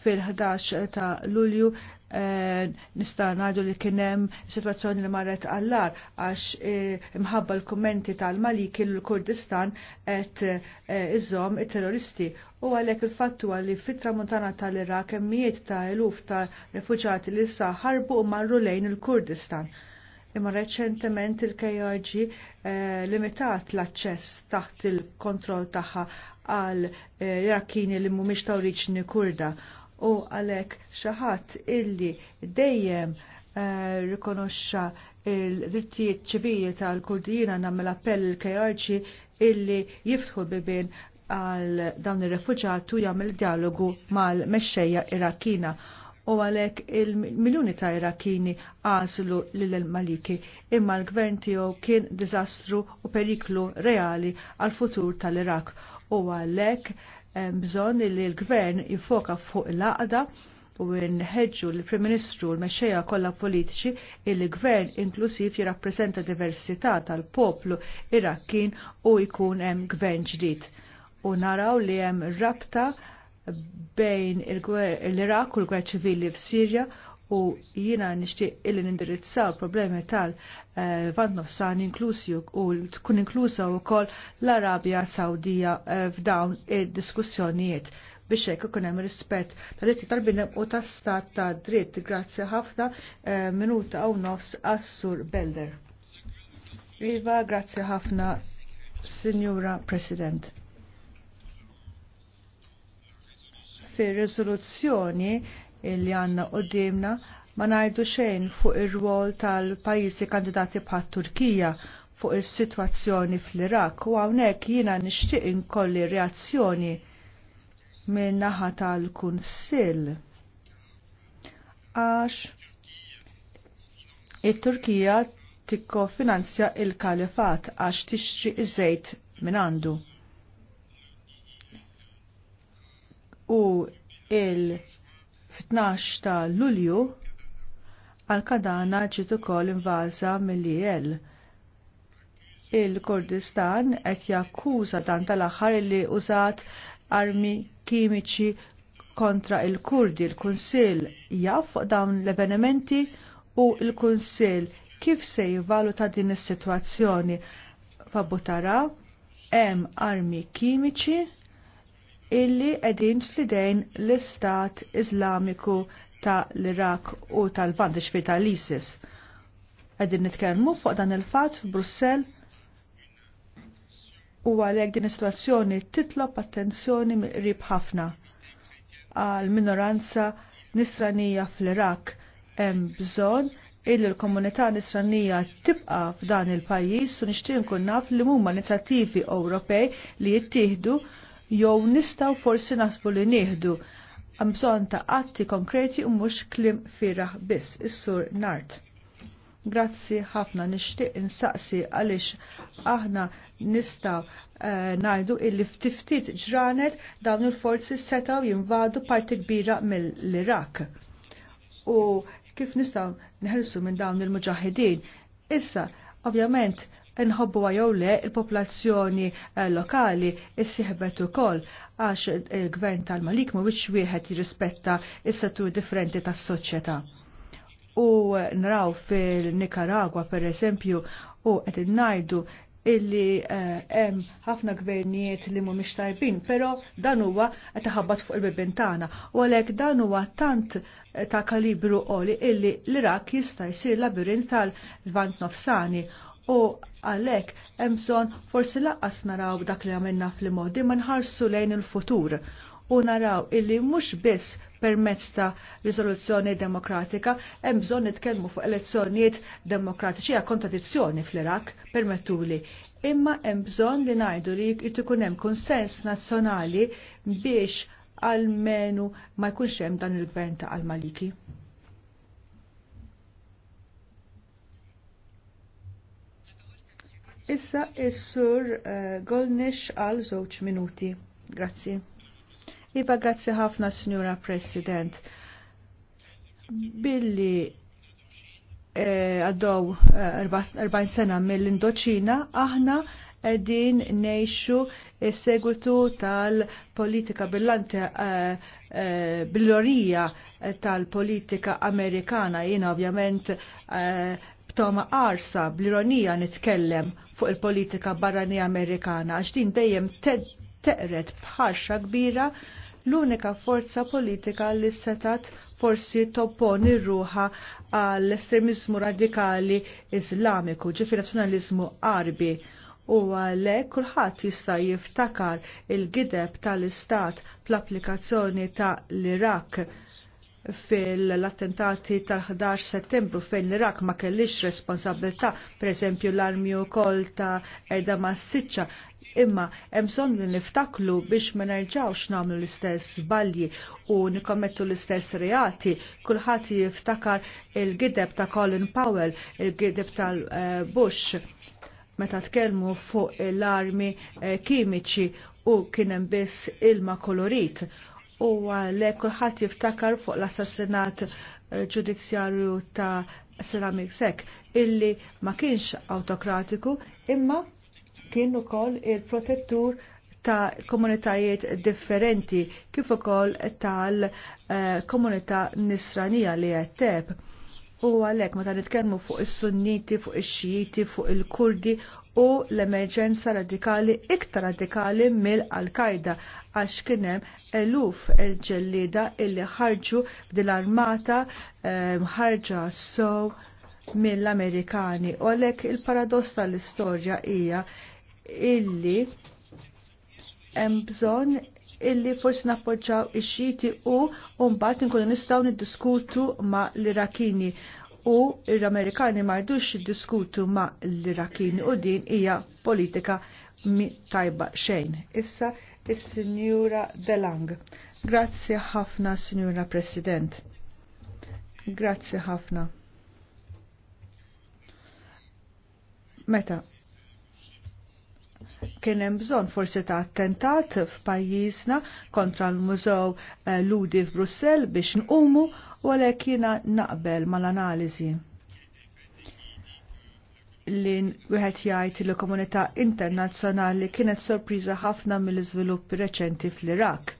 Speaker 1: fil-11 ta' Lulju Eh, nista' ngħidu li kien hemm sitwazzjoni li marret għallar għax eh, imħabba l-kummenti tal kienu l kurdistan qed eh, iżomm it-terroristi u għalhekk il-fattu li fit-tramuntana tal-Iraq hemm mijiet ta' eluf ta' refuġati li sa ħarbu u marru lejn il-Kurdistan. Imma reċentement il-KRG limitat l-aċċess taħt il-kontroll tagħha għal Irakkini li mhumiex ta' oriġini kurda u għalhekk xi ħadd illi dejjem Uh, rikonoxxa il rittijiet ċivili tal-Kurdina nagħmel appell il-KRC illi jiftħu bibin għal dawn ir-refuġatu jagħmel dialogu mal-mexxejja Irakina u għalhekk il-miljuni ta' Irakini għażlu lil maliki imma l-gvern tiegħu kien diżastru u periklu reali għal futur tal-Irak u għalhekk bżon li l-gvern jifoka fuq l-aqda u nħedġu l-Prim Ministru l-mexxejja kollha politiċi il gvern inklusiv jirrappreżenta diversità tal-poplu Irakkin u jkun hemm gvern ġdid. U naraw li hemm rabta bejn l-Irak u l-Gwerċ ċivili f'Sirja u jiena nishtiq illi nindirizzaw problemi tal-Vant Nofsan inklusi u tkun inklusa wkoll l arabija Sawdija eh, f'dawn id-diskussjonijiet biex hekk ikun hemm rispett ta' dritti tal-binem u ta' stat ta' dritt. Grazzi ħafna eh, minuta u nofs Assur Belder. Iva, grazzi ħafna, Signora President. Fi risoluzzjoni Illi għanna qoddimna ma najdu xejn fuq ir-rwol tal-pajjiżi kandidati bħat Turkija fuq is-sitwazzjoni fl-Irak u hawnhekk jiena nixtieq inkolli reazzjoni minn naħa tal-Kunsill. Għax it-Turkija tikkofinanzja il-kalifat għax tixtri iż-żejt minn għandu. U il- F-12 ta' Lulju għal kadana ġiet ukoll invaza mill-IL. Il-Kurdistan qed jakkuża dan tal-aħħar li użat armi kimiċi kontra il-Kurdi, il-Kunsil jaf dawn l-avvenimenti u il-Kunsil kif se jivaluta din is-sitwazzjoni. Fabutara hemm armi kimiċi illi qegħdin f'idejn l-Istat Iżlamiku ta' l-Irak u tal-Vant ta' tal-ISIS. Qegħdin nitkellmu fuq dan il-fatt f'Brussell u għalhekk din is-sitwazzjoni titlob attenzjoni qrib ħafna għal minoranza nisranija fl-Irak hemm bżonn illi l-komunità nisranija tibqa' f'dan il-pajjiż u nixtieq nkun naf li huma inizjattivi Ewropej li jittieħdu jew nistaw forsi nasbu li nieħdu bżon ta' atti konkreti u mhux klim firaħ biss, is-sur Nart. Grazzi ħafna nixtieq insaqsi għaliex aħna nistaw eh, najdu illi ftiftit ġranet dawn il-forzi setaw jinvadu parti kbira mill-Irak. U kif nistaw neħelsu minn dawn il muġaħidin Issa, ovvjament, nħobbu għajow le il-popolazzjoni eh, lokali s-sihbet u kol għax il-gvern tal-Malik ma wiex wieħed jirrispetta is-settur differenti tas-soċjetà. U nraw fil-Nikaragwa per eżempju u qed najdu illi eh, hemm uh, ħafna gvernijiet li mhumiex tajbin, però dan huwa qed iħabbat fuq il-bibin tagħna. U għalhekk dan huwa tant ta' kalibru qoli illi l-Irak jista' jsir labirint tal-Vant Nofsani u għalek emson forsi laqqas naraw dak li għamilna fl-modi ma nħarsu lejn il-futur u naraw illi mhux biss permezz ta' riżoluzzjoni demokratika hemm bżonn nitkellmu fuq elezzjonijiet demokratiċi hija kontradizzjoni fl-Irak permettuli. Imma hemm bżonn li ngħidu li jrid hemm konsens nazzjonali biex għalmenu ma jkunx hemm dan il-gvern ta' al-Maliki. Issa is-sur uh, Golnish għal żewġ minuti. Grazzi. Iba grazzi ħafna, Signora President. Billi eh, għaddew e, eh, 40 sena mill-Indoċina, aħna din nejxu segwitu tal-politika bil-lante eh, eh, bil-lorija tal-politika amerikana jina ovvjament ptoma arsa bl-ironija nitkellem fuq il-politika barrani Amerikana għax din dejjem teqret bħarxa kbira l-unika forza politika li setat forsi topponi ruħa għall-estremizmu radikali islamiku, ġifi nazjonalizmu Arbi. U għalek kulħadd jista' jiftakar il-gideb tal-istat fl-applikazzjoni ta' l-Irak fil-attentati tal-11 settembru fejn l-Irak ma kellix responsabilità, per esempio l u kol ta' edha massiċċa, imma emson li niftaklu biex ma xnamlu l-istess balji u nikommettu l-istess reati, kulħadd jiftakar il-gideb ta' Colin Powell, il-gideb tal-Bush, eh, meta tkellmu fuq l-armi eh, kimiċi u kienem biss ilma kolorit u le kulħadd jiftakar fuq l-assassinat eh, ġudizzjarju ta' Ceramic Sek illi ma kienx autokratiku imma kien ukoll il-protettur ta' komunitajiet differenti kif ukoll tal-komunità eh, nisranija li għetteb. U għalek, meta nitkellmu fuq is-Sunniti, fuq ix-Xijiti, fuq il-Kurdi u l-emerġenza radikali iktar radikali mill-Al-Qaida għax kien hemm eluf il-ġellida illi ħarġu b'dil-armata eh, ħarġa sow mill-Amerikani. U għalek, il-paradoss tal-istorja hija illi hemm bżonn illi forsi nappoġġaw ix-xiti u mbagħad inkunu nistgħu niddiskutu ma' l-Irakini u l-Amerikani ma jdux jiddiskutu ma' l-Irakini u din hija politika mi tajba xejn. Issa is-Sinjura Delang. Grazzi ħafna, Sinjura President. Grazzi ħafna. Meta kien hemm bżonn forsi ta' attentat f'pajjiżna kontra l-Mużew eh, Ludi f'Brussell biex nqumu u għalhekk jiena naqbel mal-analiżi li wieħed jgħid li komunità internazzjonali kienet sorpriża ħafna mill-iżviluppi reċenti fl-Irak.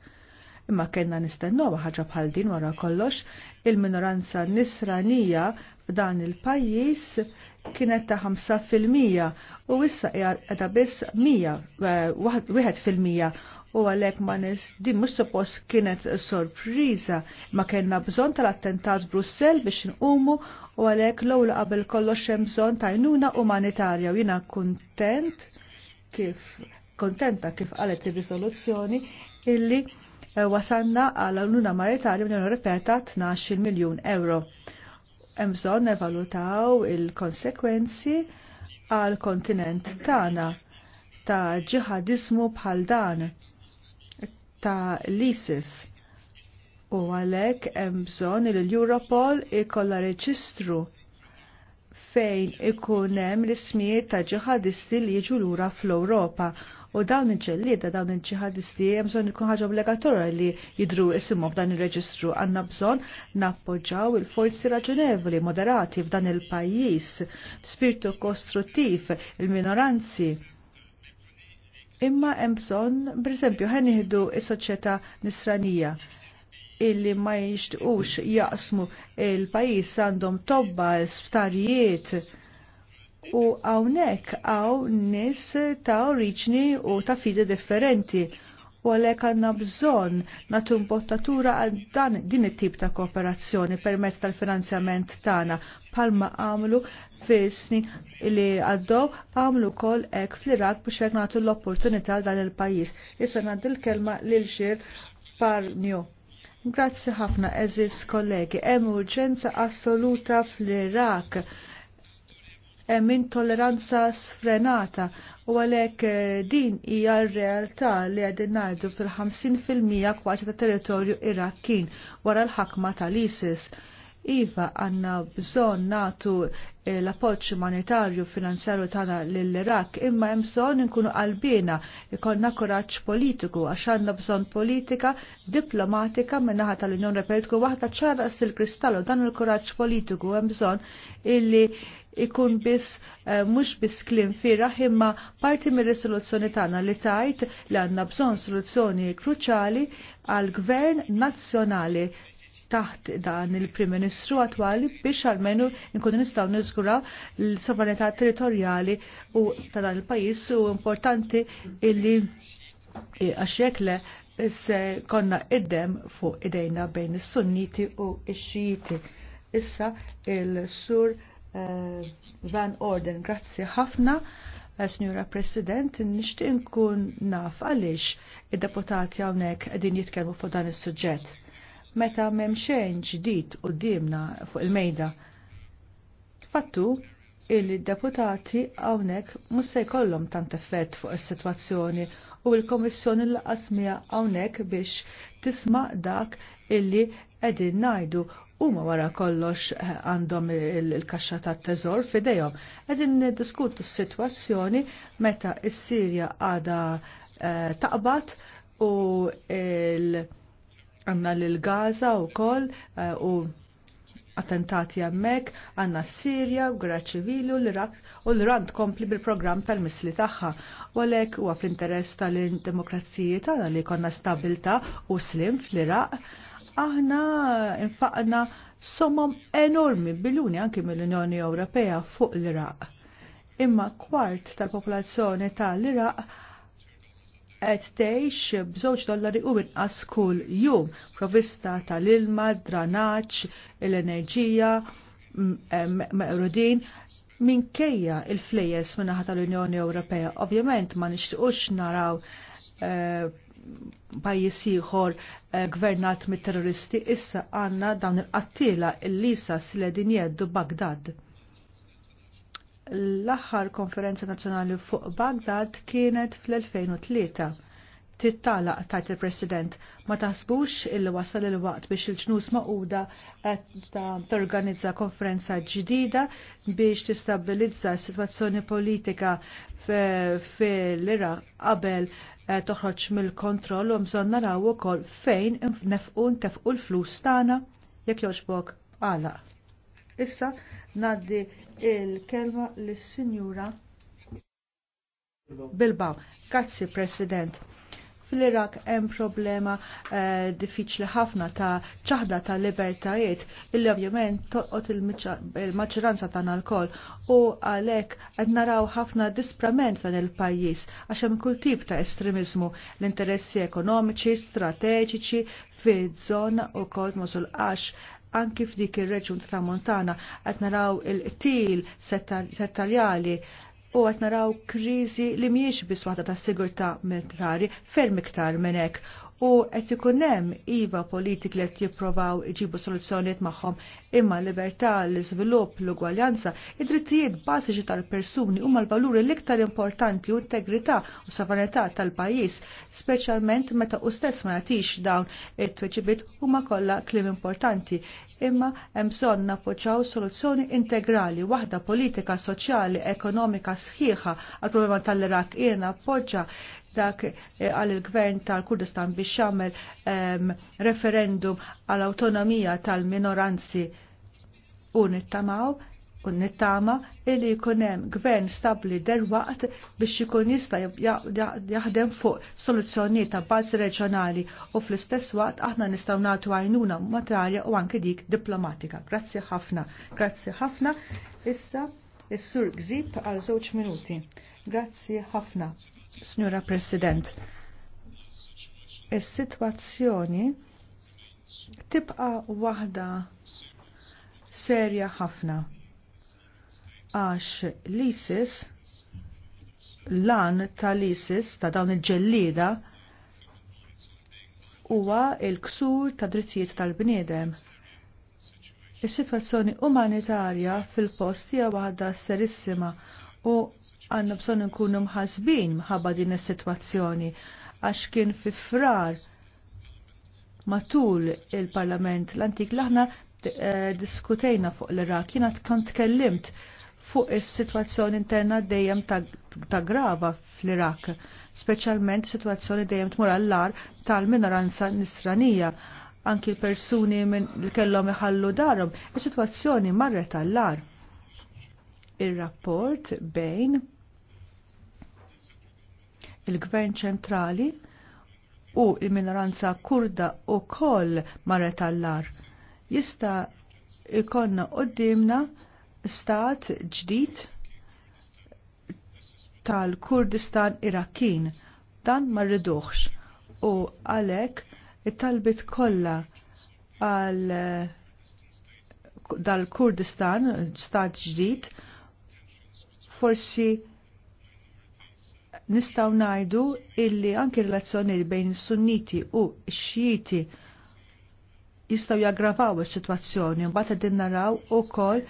Speaker 1: Imma kellna nistennu ħaġa bħal din wara kollox, il-minoranza nisranija f'dan il-pajjiż kienet ta' 5% u issa qiegħda biss eh, wieħed fil-mija u għalek ma nis din mux suppost kienet sorpriza ma kellna bżon tal-attentat Brussel biex nqumu u għalek l-għola qabel kollox hemm bżon jnuna umanitarja u jina kontent kif kontenta kif qalet il-risoluzzjoni illi Eh, wasanna għal l luna maritali minn Ewropea 12 miljun euro. Hemm bżonn nevalutaw il-konsekwenzi għal kontinent tagħna ta' ġihadismu bħal dan ta' l-ISIS. U għalhekk hemm bżonn l-Europol ikolla reġistru fejn ikun hemm l-ismijiet ta' ġihadisti li jiġu lura fl-Ewropa U dawn il-ġellieda, dawn il-ġihadisti, jemżon ikun ħaġa obbligatorja li jidru isimhom f'dan il-reġistru għandna bżonn nappoġġaw il-forzi raġunevoli, moderati f'dan il-pajjiż, spirtu kostruttiv, il-minoranzi. Imma hemm bżonn, pereżempju, ħen nieħdu is-soċjetà nisranija illi ma jixtiequx jaqsmu il-pajjiż għandhom tobba, l-sptarijiet u għawnek għaw nis ta' oriġni u ta' fide differenti u għalek għanna bżon natu mbottatura għal dan din it-tip ta' kooperazzjoni permezz tal-finanzjament tagħna palma għamlu fisni li għaddow għamlu kol ek fl-Irak biex jek natu l-opportunità dan il-pajis. Issa għad il-kelma lil xir parnju. Grazzi ħafna, eżis kollegi, hemm urġenza assoluta fl-Irak hemm intolleranza sfrenata u għalek eh, din hija r-realtà li għedin najdu fil-50% kważi ta' territorju Irakkin wara l-ħakma tal-ISIS. Iva għanna bżon natu eh, l-appoċ umanitarju finanzjarju tana l-Irak imma hemm bżon nkunu għalbina ikonna koraċ politiku għax għandna bżon politika diplomatika minnaħat tal-Unjoni Ewropea tkun waħda ċara il kristallu dan il koraċ politiku hemm bżon illi ikun biss uh, mhux biss klim fira, imma parti mir-risoluzzjoni tagħna li tajt li għandna bżonn soluzzjoni kruċali għal gvern nazzjonali taħt dan il-Prim Ministru attwali biex għalmenu nkunu nistgħu nizgura l-sovranità territorjali u ta' dan il-pajjiż u importanti illi e, għax le se konna id-dem fuq idejna bejn is-Sunniti u x-Xijiti. Issa il-Sur e, Van Orden, grazzi ħafna. E, Signora President, nishtin nkun naf għaliex id-deputati hawnhekk qegħdin jitkellmu fuq dan is-suġġett meta m'hemm xejn ġdid quddiemna fuq il-mejda. Fattu il-deputati hawnhekk mhux se jkollhom tant effett fuq is-sitwazzjoni u l-Komissjoni l miha hawnhekk biex tisma' dak illi qegħdin ngħidu huma wara kollox għandhom il-kaxxa tat-teżor f'idejhom. Qegħdin niddiskutu s-sitwazzjoni meta s-Sirja għada eh, taqbad u il- għanna l-Gaza u koll eh, u attentati għammek, għanna Sirja, Gwerra għra l u l-Iran tkompli bil-programm tal-misli tagħha. U għalhekk huwa fl-interess tal-demokrazijiet tagħna li konna stabilta u slim fl-Iraq, aħna infaqna sommom enormi biluni anki mill-Unjoni Ewropea fuq l-Iraq. Imma kwart tal-popolazzjoni tal-Iraq qed tgħix b'żewġ dollari u inqas kull jum provista tal-ilma, dranaġġ, l-enerġija, meqrudin minkejja il-flejes ħata tal-Unjoni Ewropea. Ovvjament ma nixtiqux naraw eh, pajis ieħor eh, gvernat mit-terroristi issa għanna dawn il-qattila il-lisa jeddu Bagdad l-aħħar konferenza nazzjonali fuq Baghdad kienet fl-2003. Tittala tajt il-President, ma taħsbux illi wasal il-waqt biex il-ġnus maquda torganizza konferenza ġdida biex tistabilizza s-situazzjoni politika fil-Iraq qabel eh, toħroġ mill-kontroll u mżon naraw ukoll fejn nefqun tefqu l-flus tagħna jekk jogħġbok għalaq. Issa naddi il-kelma lis-Sinjura Bilbao. Grazzi President fl-Irak hemm problema eh, diffiċli ħafna ta' ċaħda ta' libertajiet illi ovvjament toqgħod il-maċċuranza il tagħna l u għalhekk qed naraw ħafna disprament dan il-pajjiż għax hemm kull tip ta' estremizmu l-interessi ekonomiċi, strateġiċi fi żona wkoll mosul għax anki f'dik ir-reġun tramontana qed naraw il-til settarjali u għat naraw krizi li miex biswata ta' sigurta militari ferm iktar menek. u għet ikunem iva politik li għet jiprovaw iġibu soluzzjoniet maħħom imma l-libertà, l-iżvilupp, l-ugwaljanza, id-drittijiet bażiċi tal-persuni huma l-valuri l-iktar importanti u integrità u sovranità tal-pajjiż, speċjalment meta u stess ma jagħtix dawn it-tweġibiet huma kollha klim importanti imma hemm bżonn nappoġġjaw soluzzjoni integrali waħda politika, soċjali, ekonomika sħiħa għal problema tal-Irak jiena appoġġa dak eh, għal il-gvern tal-Kurdistan biex jagħmel ehm, referendum għal autonomija tal-minoranzi u nittamaw u nittama illi jkunem gvern stabli derwaqt biex jkun jista jaħdem fuq soluzzjoni ta' bażi reġjonali u fl-istess waqt aħna nistgħu nagħtu għajnuna materja u anke dik diplomatika. Grazzi ħafna. Grazzi ħafna. Issa is-sur gżib għal żewġ minuti. Grazzi ħafna, Snura President. Is-sitwazzjoni tibqa' waħda serja ħafna. Għax l-ISIS, lan tal-ISIS, ta' dawn il-ġellida, huwa il-ksur ta' drittijiet tal-bniedem. Is-sitwazzjoni umanitarja fil-post hija waħda serissima u għandna bżonn nkunu mħasbin mħabba din is-sitwazzjoni għax kien fi frar matul il-Parlament l-antik l-aħna Eh, diskutejna fuq l-Irak, jina tkun tkellimt fuq is-sitwazzjoni interna dejjem ta' grava fl-Irak, speċjalment sitwazzjoni dejjem tmur għall-lar tal-minoranza nisranija, anki persuni li kellhom iħallu darhom, is-sitwazzjoni marret għall-lar. Ir-rapport bejn il-Gvern ċentrali u il-minoranza kurda u koll marret għall-lar jista' ikonna qoddimna stat ġdid tal-Kurdistan Irakin. Dan ma rriduħx u għalek it-talbit kollha għal dal-Kurdistan, stat ġdid, forsi nistaw najdu illi anki relazzjoni bejn sunniti u xjiti jistaw jaggravaw is-sitwazzjoni mbagħad din naraw ukoll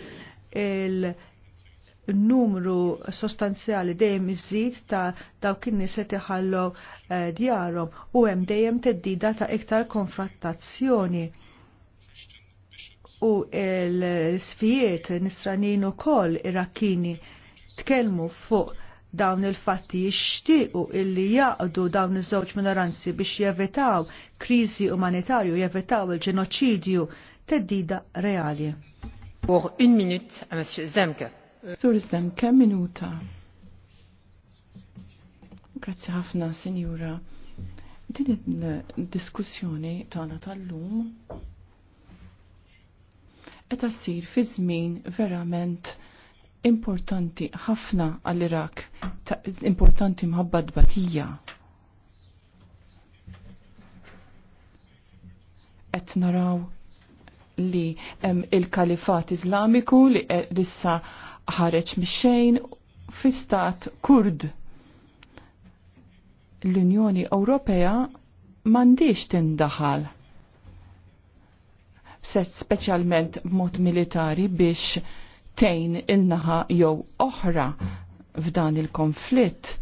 Speaker 1: il-numru sostanzjali dejjem iżid ta' daw in-nies li iħallu eh, djarhom u hemm dejjem teddida ta' iktar konfrontazzjoni u l-sfijiet nisranin ukoll Irakkini tkellmu fuq dawn il-fatti jixtiequ illi jaqdu dawn iż-żewġ minoranzi biex jevitaw kriżi umanitarju, jevitaw il-ġenoċidju teddida reali. Pour une minute à Monsieur Zemke. Sur Zemke, minuta.
Speaker 2: Grazzi ħafna, Sinjura. Din il-diskussjoni tagħna tal-lum qed ssir fi żmien verament importanti ħafna għall-Irak, importanti mħabba dbatija. Et naraw li il-kalifat islamiku li eh, rissa ħareċ mixxejn fi stat kurd. L-Unjoni Ewropea mandiġ tindaħal specialment mod militari biex tejn il-naħa jew oħra f'dan il-konflitt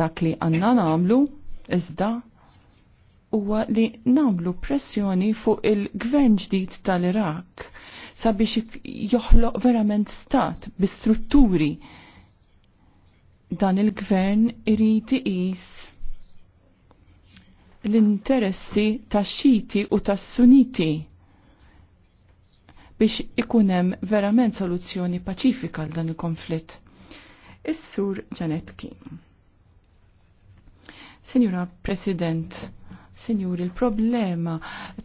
Speaker 2: dak li għanna namlu iżda huwa li namlu pressjoni fuq il-gvern ġdid tal-Irak sabiex joħloq verament stat bi strutturi dan il-gvern irid iqis l-interessi tax-xiti u tas-suniti biex ikunem verament soluzzjoni paċifika għal dan il-konflitt. Is-sur Ġanetki. Senjura President, Sinjuri, il-problema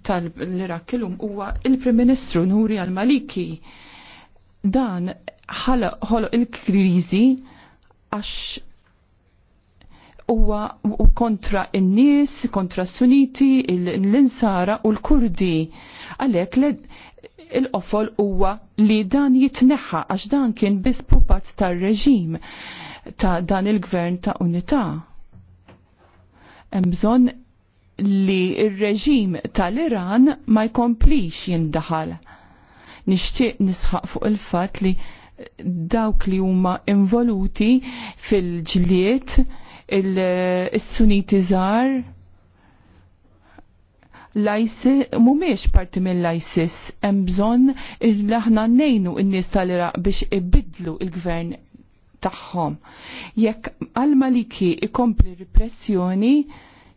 Speaker 2: tal-Irak il-lum huwa il-Prim Ministru Nuri al-Maliki. Dan ħolo il-krizi għax huwa kontra in nies kontra s-suniti, l-insara u l-kurdi. Għalek il-qofol huwa li dan jitneħħa għax dan kien biss pupat tar-reġim ta' dan il-gvern ta' unità. Hemm bżonn li r reġim tal-Iran ma jkomplix jindaħal. Nixtieq nisħaq fuq il-fatt li dawk li huma involuti fil-ġliet il-suniti żgħar l-ISIS mumiex parti mill-ISIS, hemm bżonn li aħna nejnu n-nies tal-Iraq biex ibidlu il-gvern tagħhom. Jekk għal-Maliki ikompli repressjoni,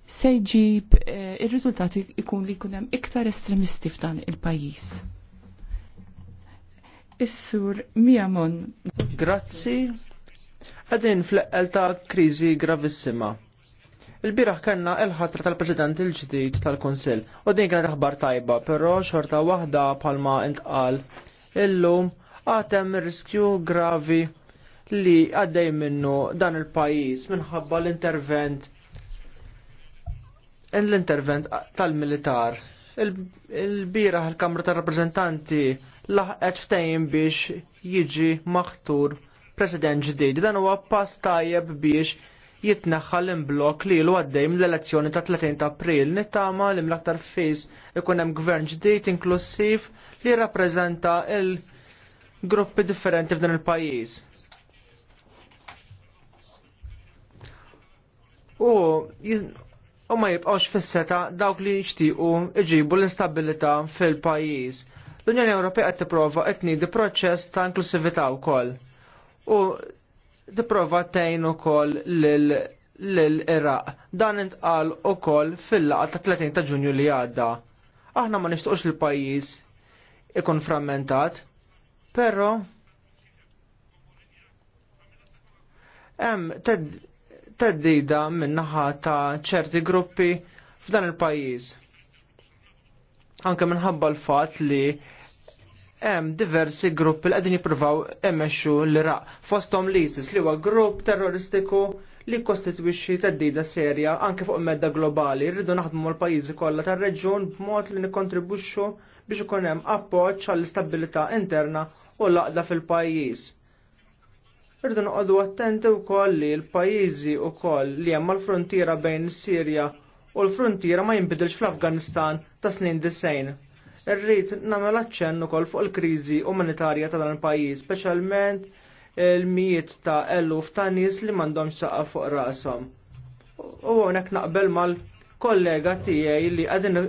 Speaker 2: se jġib eh, riżultati ikun li jkun hemm iktar estremisti f'dan il-pajjiż. Is-sur Miamon.
Speaker 3: Grazzi. Għadin fl-eqel ta' kriżi gravissima Il-biraħ kellna il-ħatra tal-President il-ġdid tal-Kunsill u din kienet aħbar tajba, però xorta waħda palma intqal illum għatem riskju gravi li għaddej minnu dan il-pajis minħabba l-intervent l-intervent tal-militar. Il-biraħ il-Kamra tal-Rappresentanti laħqet ftejn biex jiġi maħtur president ġdid. Dan huwa pass tajjeb biex jitnaħħal imblok li l għaddej mill-elezzjoni ta' 30 ta' april nittama li mill-aktar fis ikun hemm gvern ġdid inklusiv li jirrappreżenta il-gruppi differenti f'dan il-pajjiż. U u ma jibqgħux fis-seta dawk li jixtiequ iġibu l-instabilità fil-pajjiż. L-Unjoni Ewropea qed tipprova qed proċess ta' inklusività wkoll. U tipprova tgħin ukoll l iraq Dan intqal ukoll fil-laqgħa ta' 30 ta' Ġunju li għadda. Aħna ma nixtuqx il pajjiż ikun frammentat, però hemm teddida min-naħa ta' ċerti gruppi f'dan il-pajjiż. Anke minħabba l-fatt li hemm diversi gruppi li qegħdin jippruvaw emmexxu l-Iraq fosthom l-ISIS li huwa grupp terroristiku li kostitwixxi teddida serja anke fuq medda globali. Rridu naħdmu l-pajjiżi kollha tar-reġjun b'mod li nikkontribwixxu biex ikun hemm appoġġ għall-istabilità interna u l-aqda fil-pajjiż irridu noqogħdu attenti wkoll li l-pajjiżi wkoll li hemm l-frontiera bejn is-Sirja u l-frontiera ma jinbidilx fl-Afganistan ta' snin disejn. Irrid nagħmel aċċenn ukoll fuq il-kriżi umanitarja ta' dan il-pajjiż, speċjalment il-mijiet ta' eluf ta' nies li m'għandhomx saqa fuq rashom. U hawnhekk naqbel mal-kollega tiegħi li qegħdin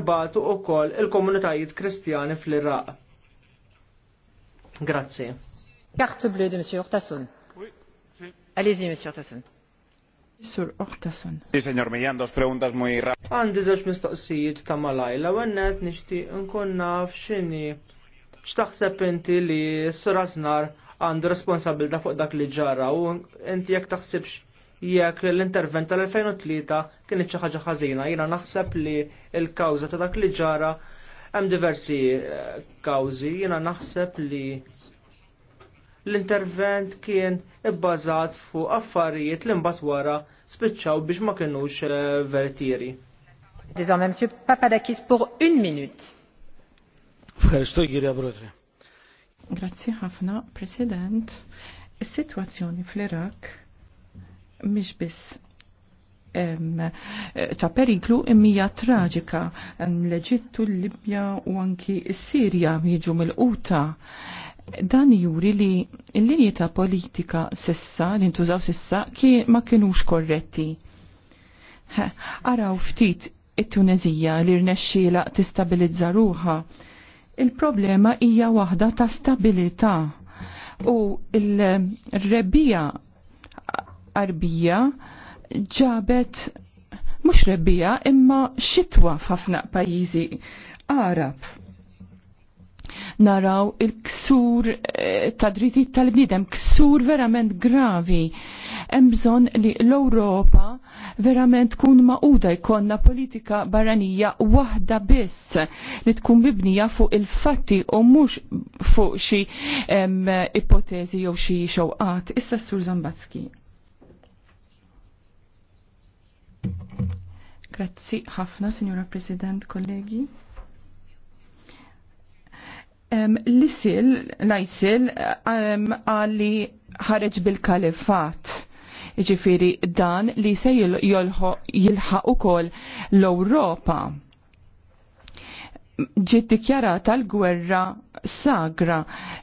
Speaker 3: ebatu wkoll il-komunitajiet Kristjani fl-Iraq. Grazzi.
Speaker 2: Carte bleue de Monsieur Urtasun. Allez-y, Monsieur Urtasun.
Speaker 3: Sur Oktason.
Speaker 1: Sì, signor Millan, dos preguntas muy rápidas.
Speaker 3: Għandi żewġ mistoqsijiet ta' malajla, għennet nixtieq nkun naf x'inhi x'taħseb inti li s-sur Aznar għandu responsabilta fuq dak li ġara u inti jekk taħsibx jekk l-intervent tal-2003 kien xi ħaġa ħażina, jiena naħseb li l-kawża ta' dak li ġara hemm diversi eh, kawzi, jiena naħseb li l-intervent kien ibbażat fuq affarijiet li mbagħad wara spiċċaw biex ma kinux eh, veritieri. Désormais, Monsieur Papadakis, pour
Speaker 2: une minute. Grazzi ħafna, President. Is-sitwazzjoni fl-Irak mhix biss ta' periklu imija traġika l-Eġittu, l-Libja u anki s-Sirja jiġu mill-quta Dan juri li l-linji ta' politika sissa, li ntużaw sissa, ki ma kienux korretti. Araw ftit it-Tunezija li rnexxila tistabilizza ruħa. Il-problema hija waħda ta' stabilità u il-rebbija arbija ġabet mhux rebbija imma xitwa f'ħafna pajjiżi Arab naraw il-ksur eh, ta' dritti tal-bniedem, ksur verament gravi. Hemm bżonn li l-Ewropa verament tkun maquda jkollna politika barranija waħda biss li tkun mibnija fuq il-fatti u mhux fuq xi ipotezi jew xi xewqat. Issa Sur Zambatski. Grazzi ħafna, Signora President, kollegi l-isil, l għalli ħareġ bil-kalifat. Ġifiri dan li se jilħaq ukoll l-Ewropa. Ġiet dikjarata l-gwerra sagra,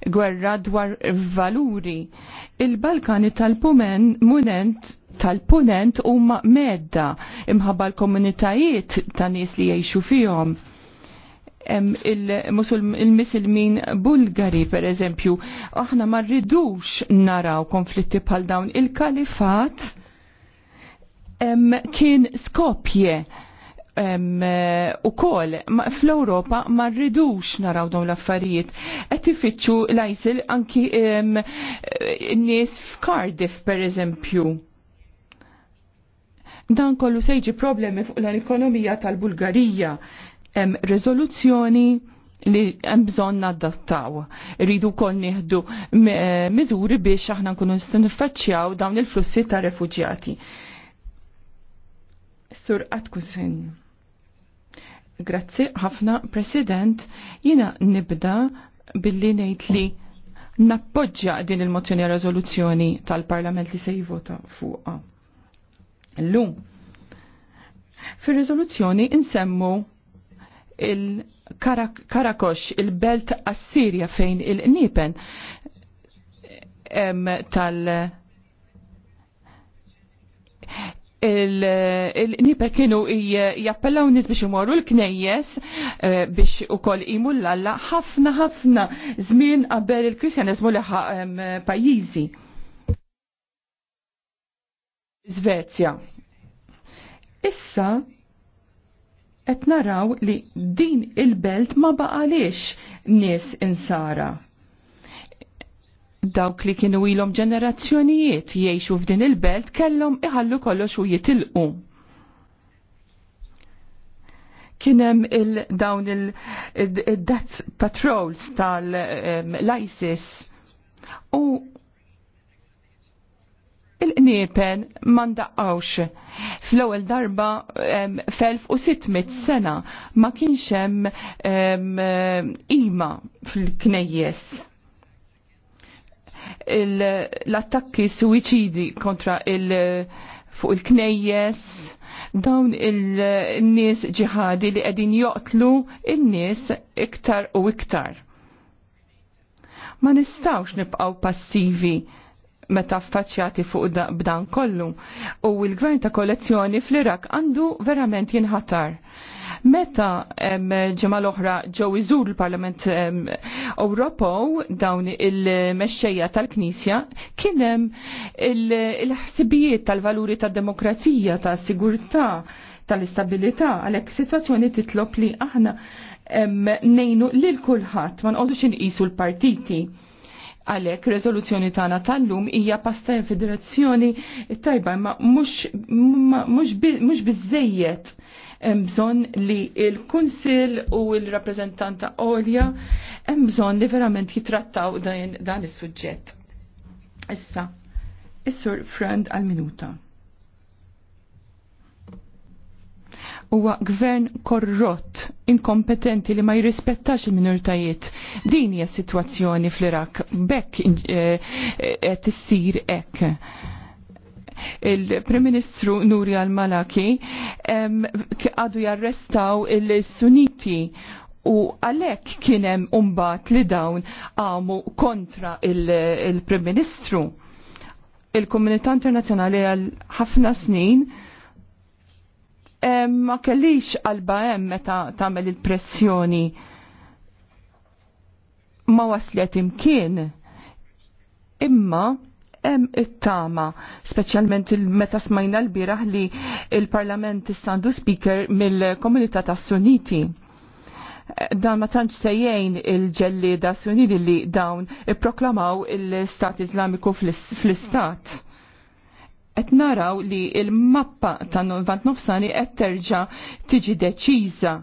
Speaker 2: gwerra dwar valuri. Il-Balkani tal munent tal-Punent huma medda imħabba l-komunitajiet ta' nies li jgħixu fihom il muslimin Bulgari, per eżempju, aħna ma rridux naraw konflitti bħal dawn. Il-kalifat kien skopje u kol fl-Europa ma rridux naraw dawn l-affarijiet. Qed ifittxu l-ISIL anki n-nies f'Cardiff, per eżempju dan kollu sejġi problemi fuq l-ekonomija tal-Bulgarija hemm riżoluzzjoni li hemm bżonn nadattaw. Rridu wkoll nieħdu miżuri biex aħna nkunu niffaċċjaw dawn il-flussi ta' refuġjati. Sur Atkusin. Grazzi ħafna, President. Jina nibda billi ngħid li nappoġġja din il-mozzjoni rezoluzzjoni tal-Parlament li se jivota fuqha. Llum. Fir-riżoluzzjoni insemmu il-Karakosh, il-belt Assirja fejn il-Nipen tal- il-nipe kienu jappellaw nis biex imorru l-knejjes eh, biex u koll imu l-alla ħafna ħafna zmin qabel il-kristjanizmu li pajizi. Svezja. Issa, qed naraw li din il-belt ma baqalix nies insara. Dawk li kienu ilhom ġenerazzjonijiet jgħixu f'din il-belt kellhom iħallu kollox u jitilqu. Kienem il-dawn il-death patrols tal-ISIS u il-qniepen ma ndaqqawx. Fl-ewwel darba f'1600 sena ma kienx hemm ima fil-knejjes l-attakki suicidi kontra il- fuq il-knejjes, dawn il-nies ġihadi li qegħdin joqtlu in-nies iktar u iktar. Ma nistawx nibqgħu passivi meta affaċċjati fuq b'dan kollu. U l-gvern ta' kollezzjoni fl-Irak għandu verament jinħatar. Meta ġemal oħra ġew iżur l-Parlament Ewropew dawn il-mexxejja tal-Knisja kien hemm il-ħsibijiet tal-valuri tad-demokrazija, tas-sigurtà, tal-istabilità, għalhekk sitwazzjoni titlob li aħna nejnu lil kulħadd ma nqogħdux inqisu l-partiti Għalek, rezoluzzjoni tagħna tal-lum hija pastajn fi direzzjoni tajba, ma mhux biżejjed mżon li il-Kunsil u il-Rappreżentanta Olja hemm li verament jitrattaw dan, il is-suġġett. Issa, is-Sur Friend għal-minuta. huwa gvern korrott, inkompetenti li ma jirrispettax il-minoritajiet. Din hija situazzjoni fl-Irak, bekk eh, eh, qed issir hekk. Il-Prim Ministru Nuri al-Malaki għadu jarrestaw il-Suniti u għalek kienem umbat li dawn għamu kontra il-Prim Ministru. Il-Komunità Internazjonali għal ħafna snin ma kellix qalba hemm meta tagħmel il-pressjoni ma waslet imkien imma hemm it-tama, speċjalment meta smajna l bieraħ li il-Parlament istandu speaker mill-komunità tas Suniti. Dan ma tantx sejjejn il-ġellieda Suniti li dawn ipproklamaw il-Stat Islamiku fl-Istat qed naraw li il-mappa ta' Novant Nofsani qed terġa' tiġi deċiża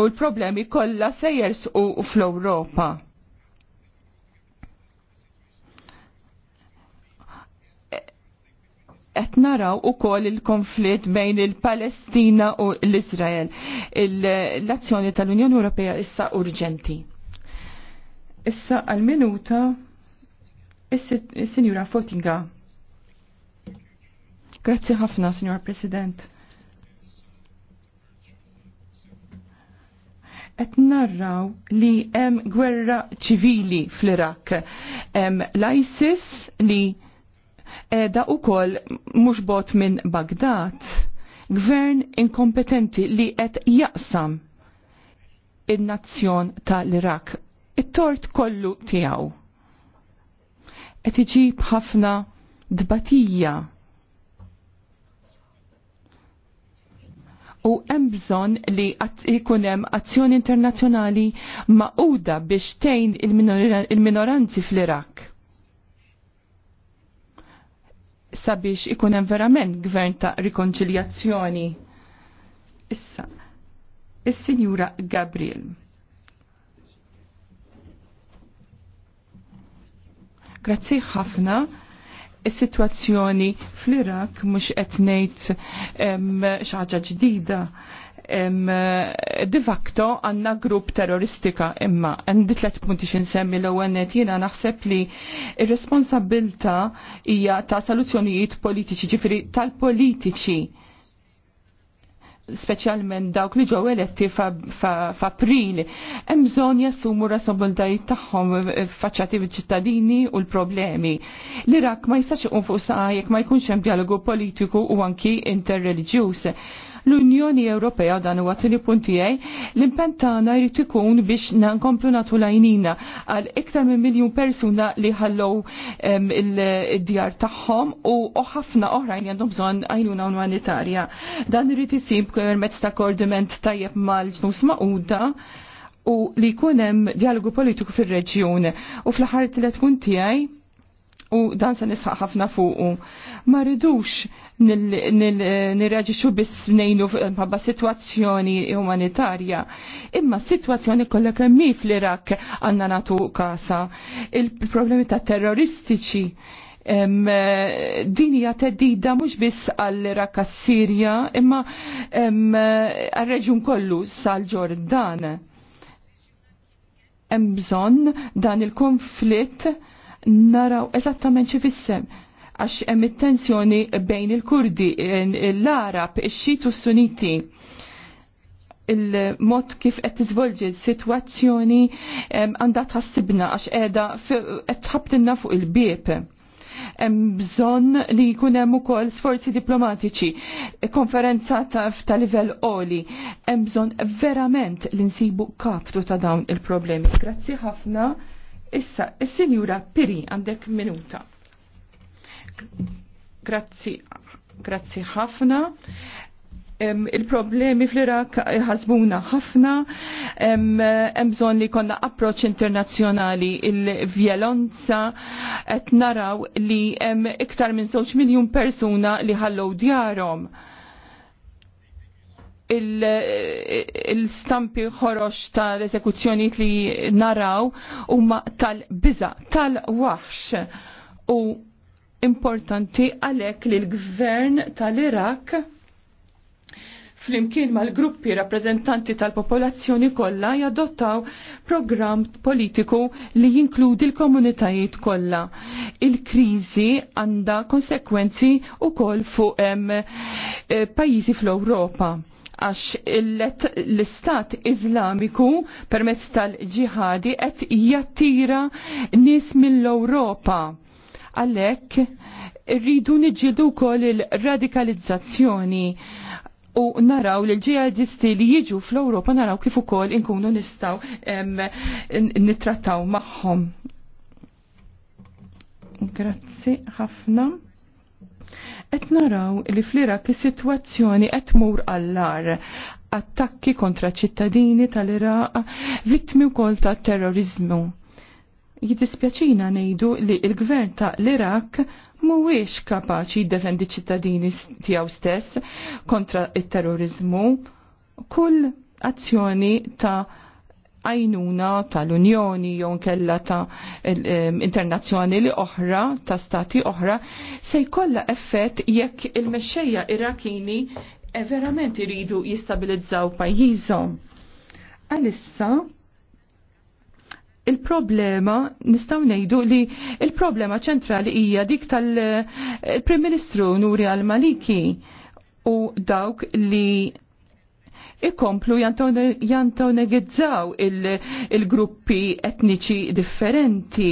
Speaker 2: u l-problemi kollha se jersqu fl-Ewropa. qed naraw ukoll il-konflitt bejn il-Palestina u l-Iżrael. L-azzjoni tal-Unjoni Ewropea issa urġenti. Issa għal-minuta is-Sinjura Fotinga. Grazzi ħafna, Signor President. qed narraw li hemm gwerra ċivili fl-Irak. Hemm l-ISIS li u ukoll mhux bot minn Bagdad. Gvern inkompetenti li qed jaqsam in-nazzjon tal-Irak. It-tort kollu tiegħu. Qed iġib ħafna dbatija u hemm bżonn li ikun hemm azzjoni internazzjonali maquda biex tgħin il-minoranzi il minoranzi fl irak sabiex ikun hemm verament gvern ta' rikonċiljazzjoni. Issa, is-Sinjura Gabriel. Grazzi ħafna Is-sitwazzjoni fl-Irak mhux qed ngħid xi ħaġa ġdida de facto għanna grupp terroristika imma għandi tlet punti xinsemmi l-ewwel net jiena naħseb li r-responsabilta hija ta' soluzzjonijiet politiċi ġifieri tal-politiċi speċjalment dawk li ġew eletti f'April, hemm bżonn jassumu responsabbiltajiet tagħhom faċċati bil-ċittadini u l-problemi. L-Irak ma jistax iqum fuq sa jekk ma jkunx hemm dialogu politiku u anki interreliġjuż L-Unjoni Ewropea dan huwa tili puntijaj l-impentana jrid ikun biex nankomplu natu lajnina għal iktar minn miljun persuna li ħallow il-djar tagħhom u ħafna oħrajn għandhom bżonn għajnuna umanitarja. Dan irid isib permezz ta' koordiment tajjeb mal-ġnus maquda u li jkun hemm dialogu politiku fir-reġjun. U fl-aħħar tliet punti tiegħi u dan se nisħaq ħafna fuqu. Ma ridux nirraġiċu biss nejnu bħabba situazzjoni umanitarja, imma situazzjoni kollha kemm fl-Irak għandna natu kasa. Il-problemi ta' terroristiċi din hija teddida mhux biss għall iraq sirja imma għal-reġjun kollu sal-Ġordan. Hemm bżonn dan il-konflitt naraw eżattament xifissem għax hemm it-tensjoni bejn il-Kurdi, l-Arab, ix-Xit u s-Suniti. Il-mod kif qed tiżvolġi l-sitwazzjoni għandha tħassibna għax qiegħda qed tħabtilna fuq il-bieb. Hemm bżonn li jkun hemm ukoll sforzi diplomatiċi, konferenza ta' livell qoli. Hemm bżonn verament li nsibu kaptu ta' dawn il-problemi. Grazzi ħafna. Issa, il-Sinjura Piri għandek minuta. Grazzi, grazzi ħafna. Il-problemi fl-Irak ħasbuna ħafna, hemm bżonn li konna approċ internazzjonali il vjelonza qed naraw li hemm iktar minn żewġ miljun persuna li ħallew djarom il-stampi il ħorox tal-eżekuzzjoni li naraw huma tal-biża, tal-waħx. U importanti għalhekk li l-gvern tal-Irak flimkien mal-gruppi rappreżentanti tal-popolazzjoni kollha jadottaw programm politiku li jinkludi l-komunitajiet kollha. Il-kriżi għandha konsekwenzi wkoll fuq eh, pajjiżi fl-Ewropa għax l-istat izlamiku permezz tal-ġihadi qed jattira nies mill-Ewropa. Għalhekk irridu nġidu wkoll il-radikalizzazzjoni u naraw li l-ġihadisti li jiġu fl-Ewropa naraw kif ukoll inkunu nistgħu nittrattaw magħhom. Grazzi ħafna. Qed naraw li fl-Irak is-sitwazzjoni qed tmur għallar attakki kontra ċittadini tal-Iraq, vittmi wkoll ta' terrorizmu. Jiddispjaċina ngħidu li l-gvern ta' l-Irak mhuwiex kapaċi jiddefendi ċittadini tiegħu stess kontra il terrorizmu Kull azzjoni ta' għajnuna tal-Unjoni jew kella ta' internazzjonali oħra, ta' stati oħra, se jkollha effett jekk il-mexxejja Irakini eh, verament iridu jistabilizzaw pajjiżhom. Alissa il-problema nistaw nejdu li il-problema ċentrali hija dik tal-Prim eh, Ministru Nuri al-Maliki u dawk li ikomplu negizzaw il-gruppi il etniċi differenti.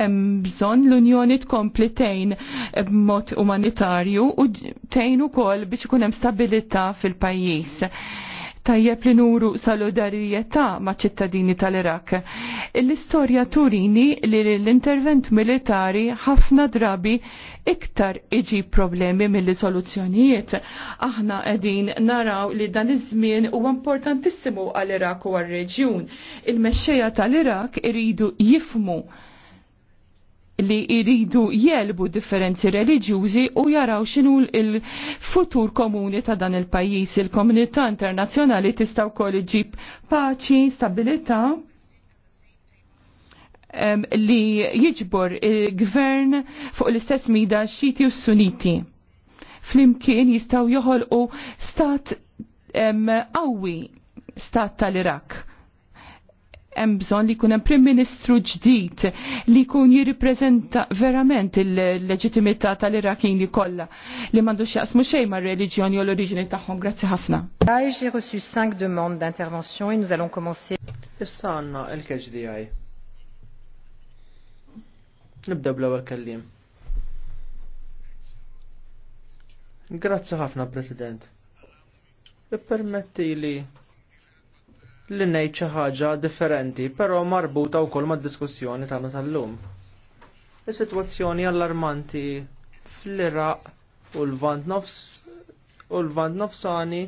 Speaker 2: Hemm bżonn l-Unjoni tkompli tejn b'mod umanitarju u tejn ukoll biex ikun hemm stabilità fil-pajjiż tajjeb li nuru solidarijetà ma' ċittadini tal-Irak. L-istorja turini li l-intervent militari ħafna drabi iktar iġi problemi mill soluzzjonijiet. Aħna edin naraw li dan iż-żmien huwa importantissimu għall-Irak u għar-reġjun. Il-mexxejja tal-Irak iridu jifmu li jridu jelbu differenzi reliġjużi u jaraw x'inhu il-futur komuni ta' dan il-pajjiż. Il-komunità internazzjonali tista' wkoll iġib paċi, stabilità li jiġbor il-gvern fuq l-istess mida xiti u suniti. Flimkien jistaw joħolqu stat qawwi stat tal-Irak hemm bżonn li jkun hemm Prim Ministru ġdid li jkun jirrippreżenta verament il-leġitimità tal-Irakini kollha li m'għandux jaqsmu xejn mar-reliġjoni u l-oriġini tagħhom. Grazzi ħafna.
Speaker 3: J'ai reçu 5 demandes d'intervention et nous allons commencer. Issa għandna l-KHDI. Nibda bl-ewwel kelliem. Grazzi ħafna, President. Ippermetti li li ngħid xi ħaġa differenti, però marbuta wkoll mad-diskussjoni tagħna tal-lum. Is-sitwazzjoni allarmanti fl-Iraq u l-Vant nofs u l-Vant nofsani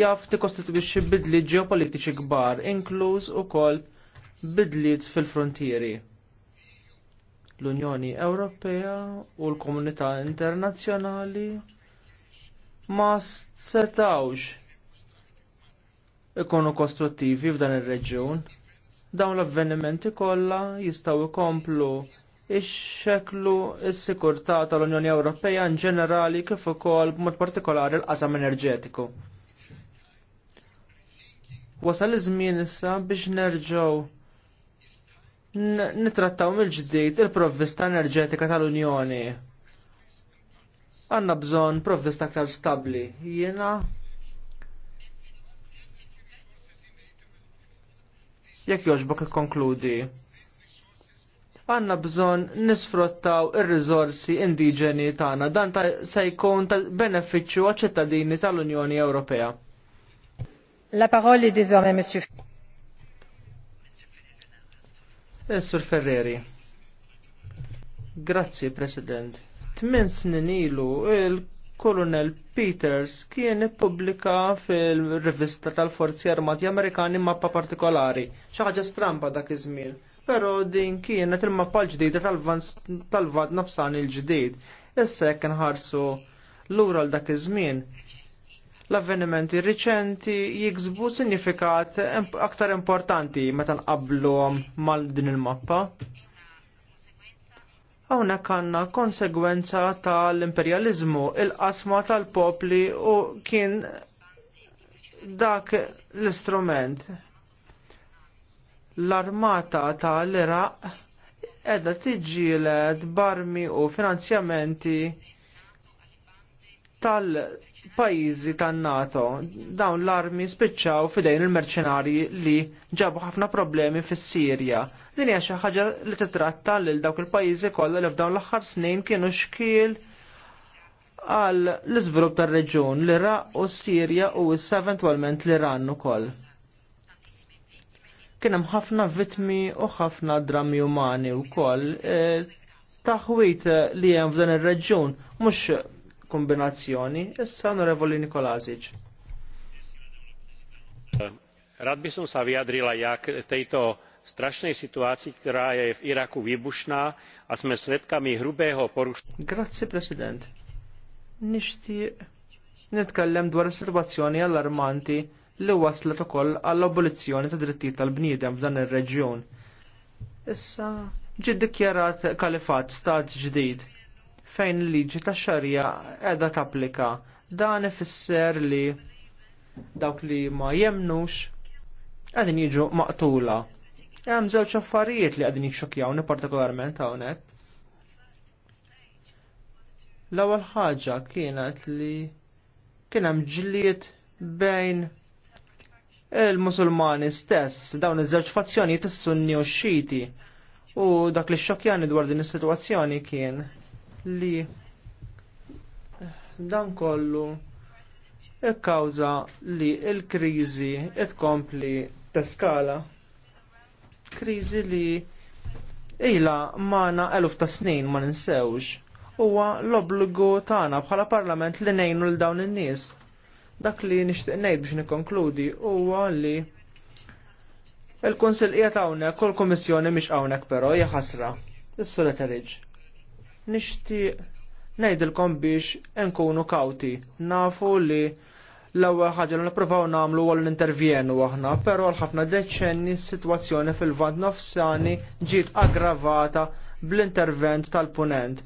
Speaker 3: jaf tikkostitwixxi bidli ġeopolitiċi kbar, inkluż ukoll bidliet fil-frontieri. L-Unjoni Ewropea u l-Komunità Internazzjonali ma setawx ikonu kostruttivi f'dan ir-reġjun. Dawn l-avvenimenti kollha jistgħu jkomplu ix-xeklu s-sikurtà tal-Unjoni Ewropea in ġenerali kif ukoll b'mod partikolari l-qasam enerġetiku. Wasal iż-żmien issa biex nerġgħu nitrattaw mill-ġdid il-provvista enerġetika tal-Unjoni. Għanna bżon provvista aktar stabli. Jiena Jekk jogħġbok ikkonkludi. Għanna bżon nisfruttaw ir rizorsi indiġeni tagħna dan ta se jkun ta' benefiċċju għaċ-ċittadini tal-Unjoni Ewropea. La paroli est Mr. monsieur eh, Sur Ferreri. Grazzi, President. Tmin snin ilu, il Kolonel Peters kien ippubblika fil-rivista tal-Forzi Armati Amerikani mappa partikolari, xi ħaġa stramba dak iż-żmien. Però din kienet il-mappa l-ġdida tal-vad nafsan il-ġdid. Issa jekk nħarsu lura l dak iż-żmien. L-avvenimenti riċenti jiksbu sinifikat aktar importanti meta nqablu mal din il-mappa. Għawna kanna konsegwenza tal-imperializmu, il-qasma tal-popli u kien dak l-istrument. L-armata tal-Iraq edha tiġġieled barmi u finanzjamenti tal- pajjiżi tan-NATO dawn l-armi spiċċaw fidejn il-merċenarji li ġabu ħafna problemi fis-Sirja. Din hija xi ħaġa li titratta lil dawk il-pajjiżi kollha li f'dawn l-aħħar snin kienu xkiel għal l-iżvilupp tar-reġjun l-Iraq u s-Sirja u issa eventwalment l-Iran ukoll. Kien hemm ħafna vittmi u ħafna drammi umani wkoll eh, taħwit li hemm f'dan ir-reġjun mhux kombinazzjoni. Issa onorevoli Nikolazic. Rad by som sa vyjadrila ja k tejto strašnej situácii, ktorá je v Iraku výbušná a sme svedkami hrubého porušenia. Grazie, President. Nishti nitkellem dwar is-sitwazzjoni allarmanti li waslet ukoll għall-abolizzjoni ta' drittijiet tal-bniedem f'dan ir-reġjun. Issa ġi ddikjarat kalifat stat ġdid fejn liġi ta' xarja edha tapplika. Dan ifisser li dawk li ma jemnux għadin jiġu maqtula. Hemm żewġ affarijiet li għadin jixxokjawni partikolarment hawnhekk. L-ewwel ħaġa kienet li kien hemm ġlied bejn il-Musulmani stess, dawn iż-żewġ fazzjonijiet is sunni u x-Xiti. U dak li xokjani dwar din is-sitwazzjoni kien li dan kollu il-kawza li l-kriżi tkompli teskala. Kriżi li ila maħna eluf ta' snin ma ninsewx. Huwa l-obbligu tagħna bħala parlament li ngħinu l dawn in-nies. Dak li nixtieq ngħid biex nikkonkludi huwa li il konsil qiegħed hawnhekk u l-Kummissjoni mhix hawnhekk però hija ħasra. Is-Sura nixtieq ngħidilkom biex nkunu kawti. Nafu li l-ewwel ħaġa li nippruvaw nagħmlu għal nintervjenu aħna, però għal ħafna deċenni s-sitwazzjoni fil-vant nofsani ġiet aggravata bl-intervent tal-punent.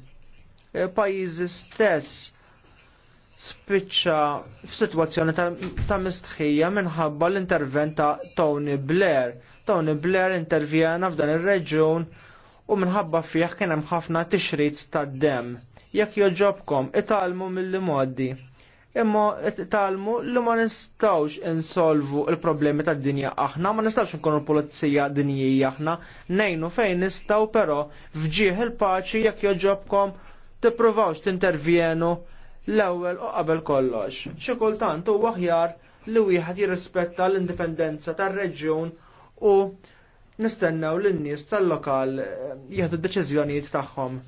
Speaker 3: E, Pajjiżi stess spiċċa f'sitwazzjoni ta' mistħija minħabba l-intervent ta' Tony Blair. Tony Blair intervjena f'dan ir-reġjun u minħabba fih kien hemm ħafna tixrid tad-dem. Jekk joġobkom italmu mill modi. Imma italmu li ma nistawx insolvu il-problemi tad-dinja aħna, ma nistawx nkunu pulizija dinji aħna, nejnu fejn nistaw però fġieħ il-paċi jekk joġobkom tippruvawx tintervjenu l-ewwel u qabel kollox. Xi kultant huwa aħjar li wieħed jirrispetta l-indipendenza tar-reġjun u nistennaw l nies tal-lokal eh, jieħdu d-deċiżjonijiet tagħhom.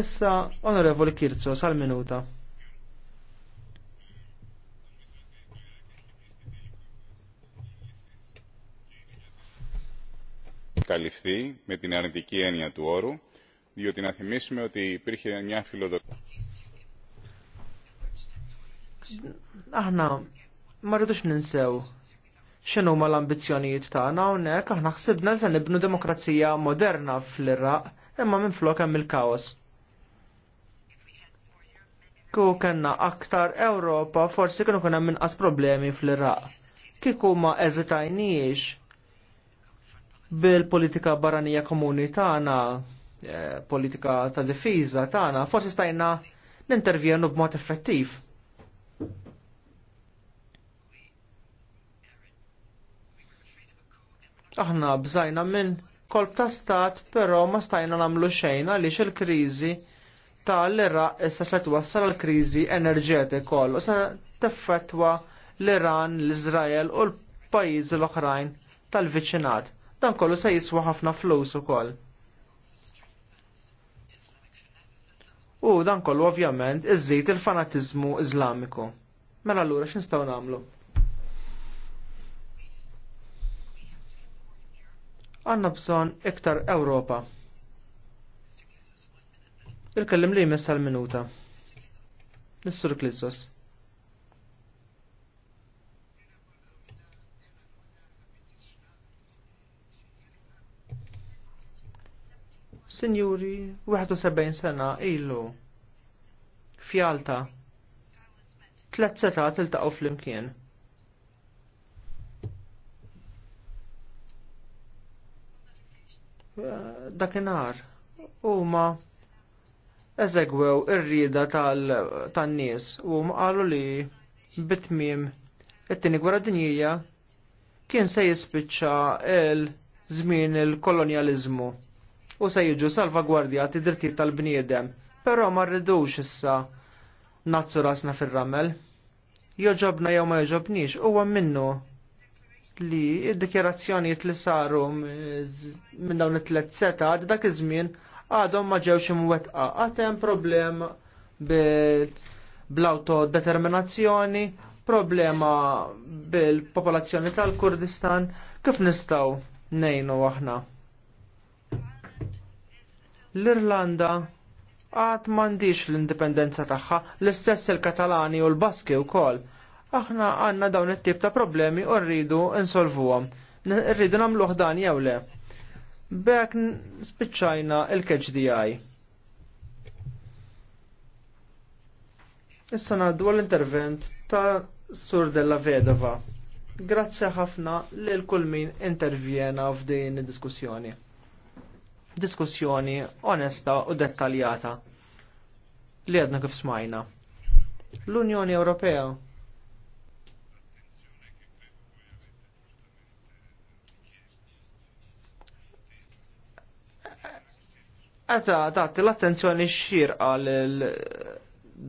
Speaker 3: Issa Onorevoli Kirzo sal-minuta.
Speaker 2: καλυφθεί με την αρνητική έννοια του όρου, διότι να θυμίσουμε ότι υπήρχε μια φιλοδοξία.
Speaker 3: Aħna, ma rridux ninsew xenu ma l-ambizzjonijiet tagħna hawnhekk aħna ħsibna se nibnu demokrazija moderna fl-Iraq imma minflok hemm il-kaos. Ku kellna aktar Ewropa forsi kienu kena hemm inqas problemi fl-Iraq. Kieku ma eżitajniex bil-politika barranija komuni tagħna, eh, politika ta' difiża tagħna, forsi stajna nintervjenu b'mod effettiv. Aħna bżajna minn kolb ta' stat, però ma stajna nagħmlu xejn għaliex il-kriżi tal-Iraq issa se twassal għal kriżi koll u se teffettwa l-Iran, l izrael u l-pajjiżi l-oħrajn tal-viċinat. Dan kollu se jiswa ħafna flus ukoll. U dan kollu ovvjament iżżid il-fanatiżmu Iżlamiku. Mela allura x'nistgħu nagħmlu? għanna bżon iktar Ewropa. Il-kellim li jmessa l minuta Nissur Klissos. Sinjuri, 71 sena ilu. Fjalta. Tlet setat il-taqaw fl-imkien. dakinhar huma eżegwew ir-rieda tan-nies u qalu li bitmim it-tieni gwerra dinjija kien se jispiċċa il żmien il kolonializmu u se jiġu salvagwardjati drittijiet tal-bniedem, però ma rridux issa nazzu rasna fir-ramel. Joġobna jew ma joġobnix huwa minnu li id dikjerazzjoni li saru minn dawn it-tlet seta dak iż-żmien għadhom ma ġewx imwettqa. Għad hemm problema bl-autodeterminazzjoni, problema bil-popolazzjoni tal-Kurdistan, kif nistgħu ngħinu aħna. L-Irlanda għad mandiġ l-indipendenza tagħha, l-istess il-Katalani u l-Baski wkoll aħna għanna dawn it-tip ta' problemi u rridu insolvuhom. Rridu nagħmluh dan jew le. Bek spiċċajna il-KHDI. Issa ngħaddu l-intervent ta' Sur della Vedova. Grazzi ħafna lil kull min intervjena f'din id-diskussjoni. Diskussjoni onesta u dettaljata li għedna kif smajna. L-Unjoni Ewropea Eta, dat, l-attenzjoni xirqa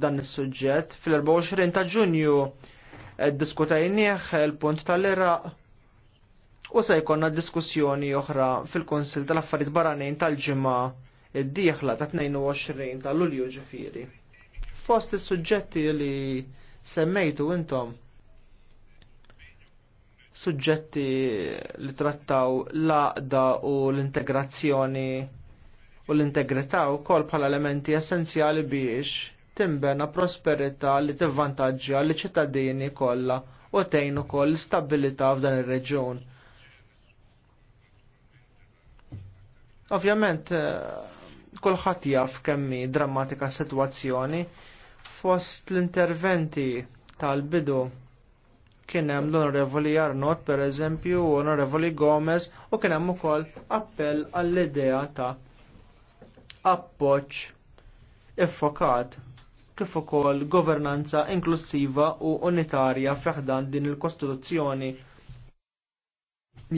Speaker 3: dan is-suġġett fil-24 ta' ġunju eh, diskutajnieħ il-punt tal-Iraq u se jkollna diskussjoni oħra fil-Kunsil tal-Affarijiet Barranin tal-ġimgħa id-dieħla ta' 22 ta' Lulju ġifieri. Fost is-suġġetti li semmejtu intom suġġetti li trattaw l-aqda u l-integrazzjoni u l-integrità wkoll bħala elementi essenzjali biex timbena prosperità li tivvantaġġja li ċittadini kollha u tejnu ukoll l-istabilità f'dan ir-reġjun. Ovvjament eh, kulħadd jaf kemmi drammatika sitwazzjoni fost l-interventi tal-bidu kien hemm l-Onorevoli Arnott pereżempju u Onorevoli Gomez u kien hemm ukoll appell għall-idea ta' appoċ iffokat kif ukoll governanza inklusiva u unitarja fiħdan din il-Kostituzzjoni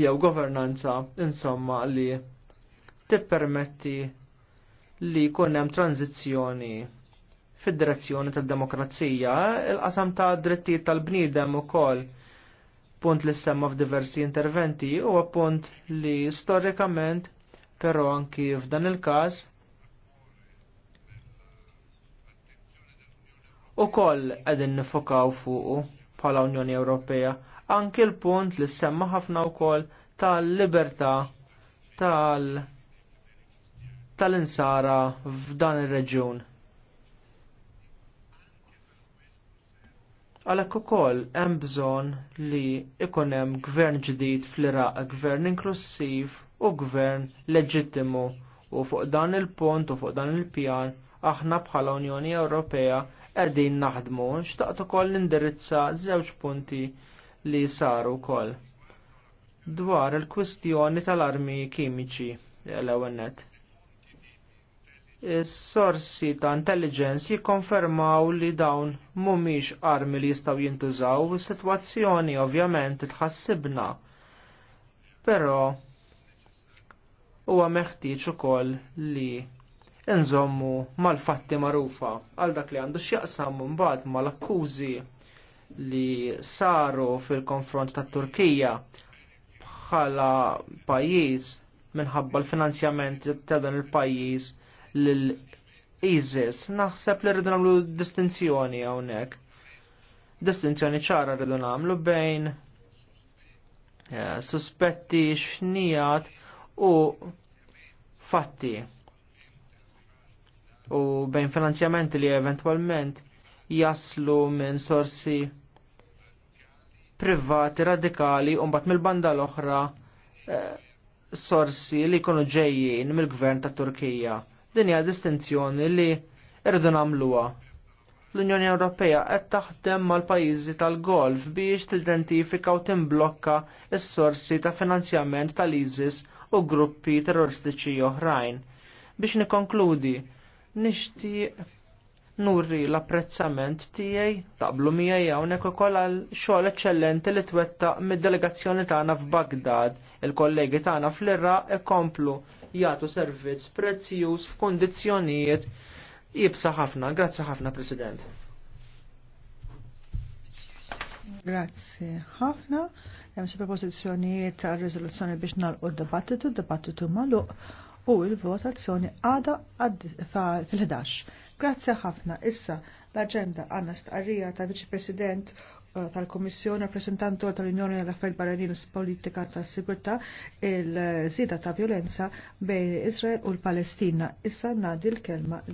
Speaker 3: jew governanza insomma li tippermetti li jkun hemm tranzizzjoni fid-direzzjoni tad-demokrazija, il-qasam ta' drittijiet tal-bniedem ukoll punt li semma f'diversi interventi huwa punt li storikament però anki f'dan il-każ u koll għedin nifokaw fuqu bħala Unjoni Ewropea anki l-punt li semma ħafna u koll tal-libertà tal- libertà tal insara f'dan ir-reġjun. Għalhekk ukoll hemm bżonn li ikun hemm gvern ġdid fl-Iraq, gvern inklusiv u gvern leġittimu u fuq dan il-punt u fuq dan il-pjan aħna bħala Unjoni Ewropea qegħdin naħdmu xtaqt ukoll indirizza żewġ punti li saru wkoll dwar il-kwistjoni tal-armi kimiċi l ewennet Is-sorsi ta' intelligence jikkonfermaw li dawn mhumiex armi li jistgħu jintużaw, is-sitwazzjoni ovvjament tħassibna. Però huwa meħtieġ ukoll li nżommu mal-fatti marufa għal dak li għandu x'jaqsam mbagħad mal-akkużi li saru fil-konfront tat Turkija bħala pajjiż minħabba l-finanzjament ta' dan il-pajjiż l ISIS. Naħseb li rridu nagħmlu distinzjoni hawnhekk. Distinzjoni ċara rridu nagħmlu bejn eh, suspetti xnijat u fatti u bejn finanzjamenti li eventualment jaslu minn sorsi privati radikali u mbagħad mill-banda l-oħra eh, sorsi li jkunu ġejjin mill-gvern ta' Turkija. Din hija distinzjoni li irridu nagħmluha. L-Unjoni Ewropea qed taħdem mal-pajjiżi tal-Golf biex tidentifika u timblokka s-sorsi ta' finanzjament tal-ISIS u gruppi terroristiċi oħrajn. Biex nikonkludi, nixtieq nurri l-apprezzament tiegħi taqblu miegħi hawnhekk ukoll għal xogħol eċċellenti li twettaq mid-delegazzjoni tagħna f'Bagdad. Il-kollegi tagħna fl-Iraq ikomplu jagħtu servizz prezzjuż f'kundizzjonijiet jibsa ħafna. Grazzi ħafna, President.
Speaker 1: Grazzi ħafna. Hemm xi propożizzjonijiet għal riżoluzzjoni biex nagħlqu d-dibattitu, d-dibattitu magħluq u il-votazzjoni għada fil-11. Grazzi ħafna issa l-agenda għanna stqarrija ta' Viċi President eh, tal-Komissjoni rappresentantu tal-Unjoni tal affarijiet Barranin Politika ta' Sigurtà il-żieda ta' violenza bejn Israel u l-Palestina. Issa ngħaddi l-kelma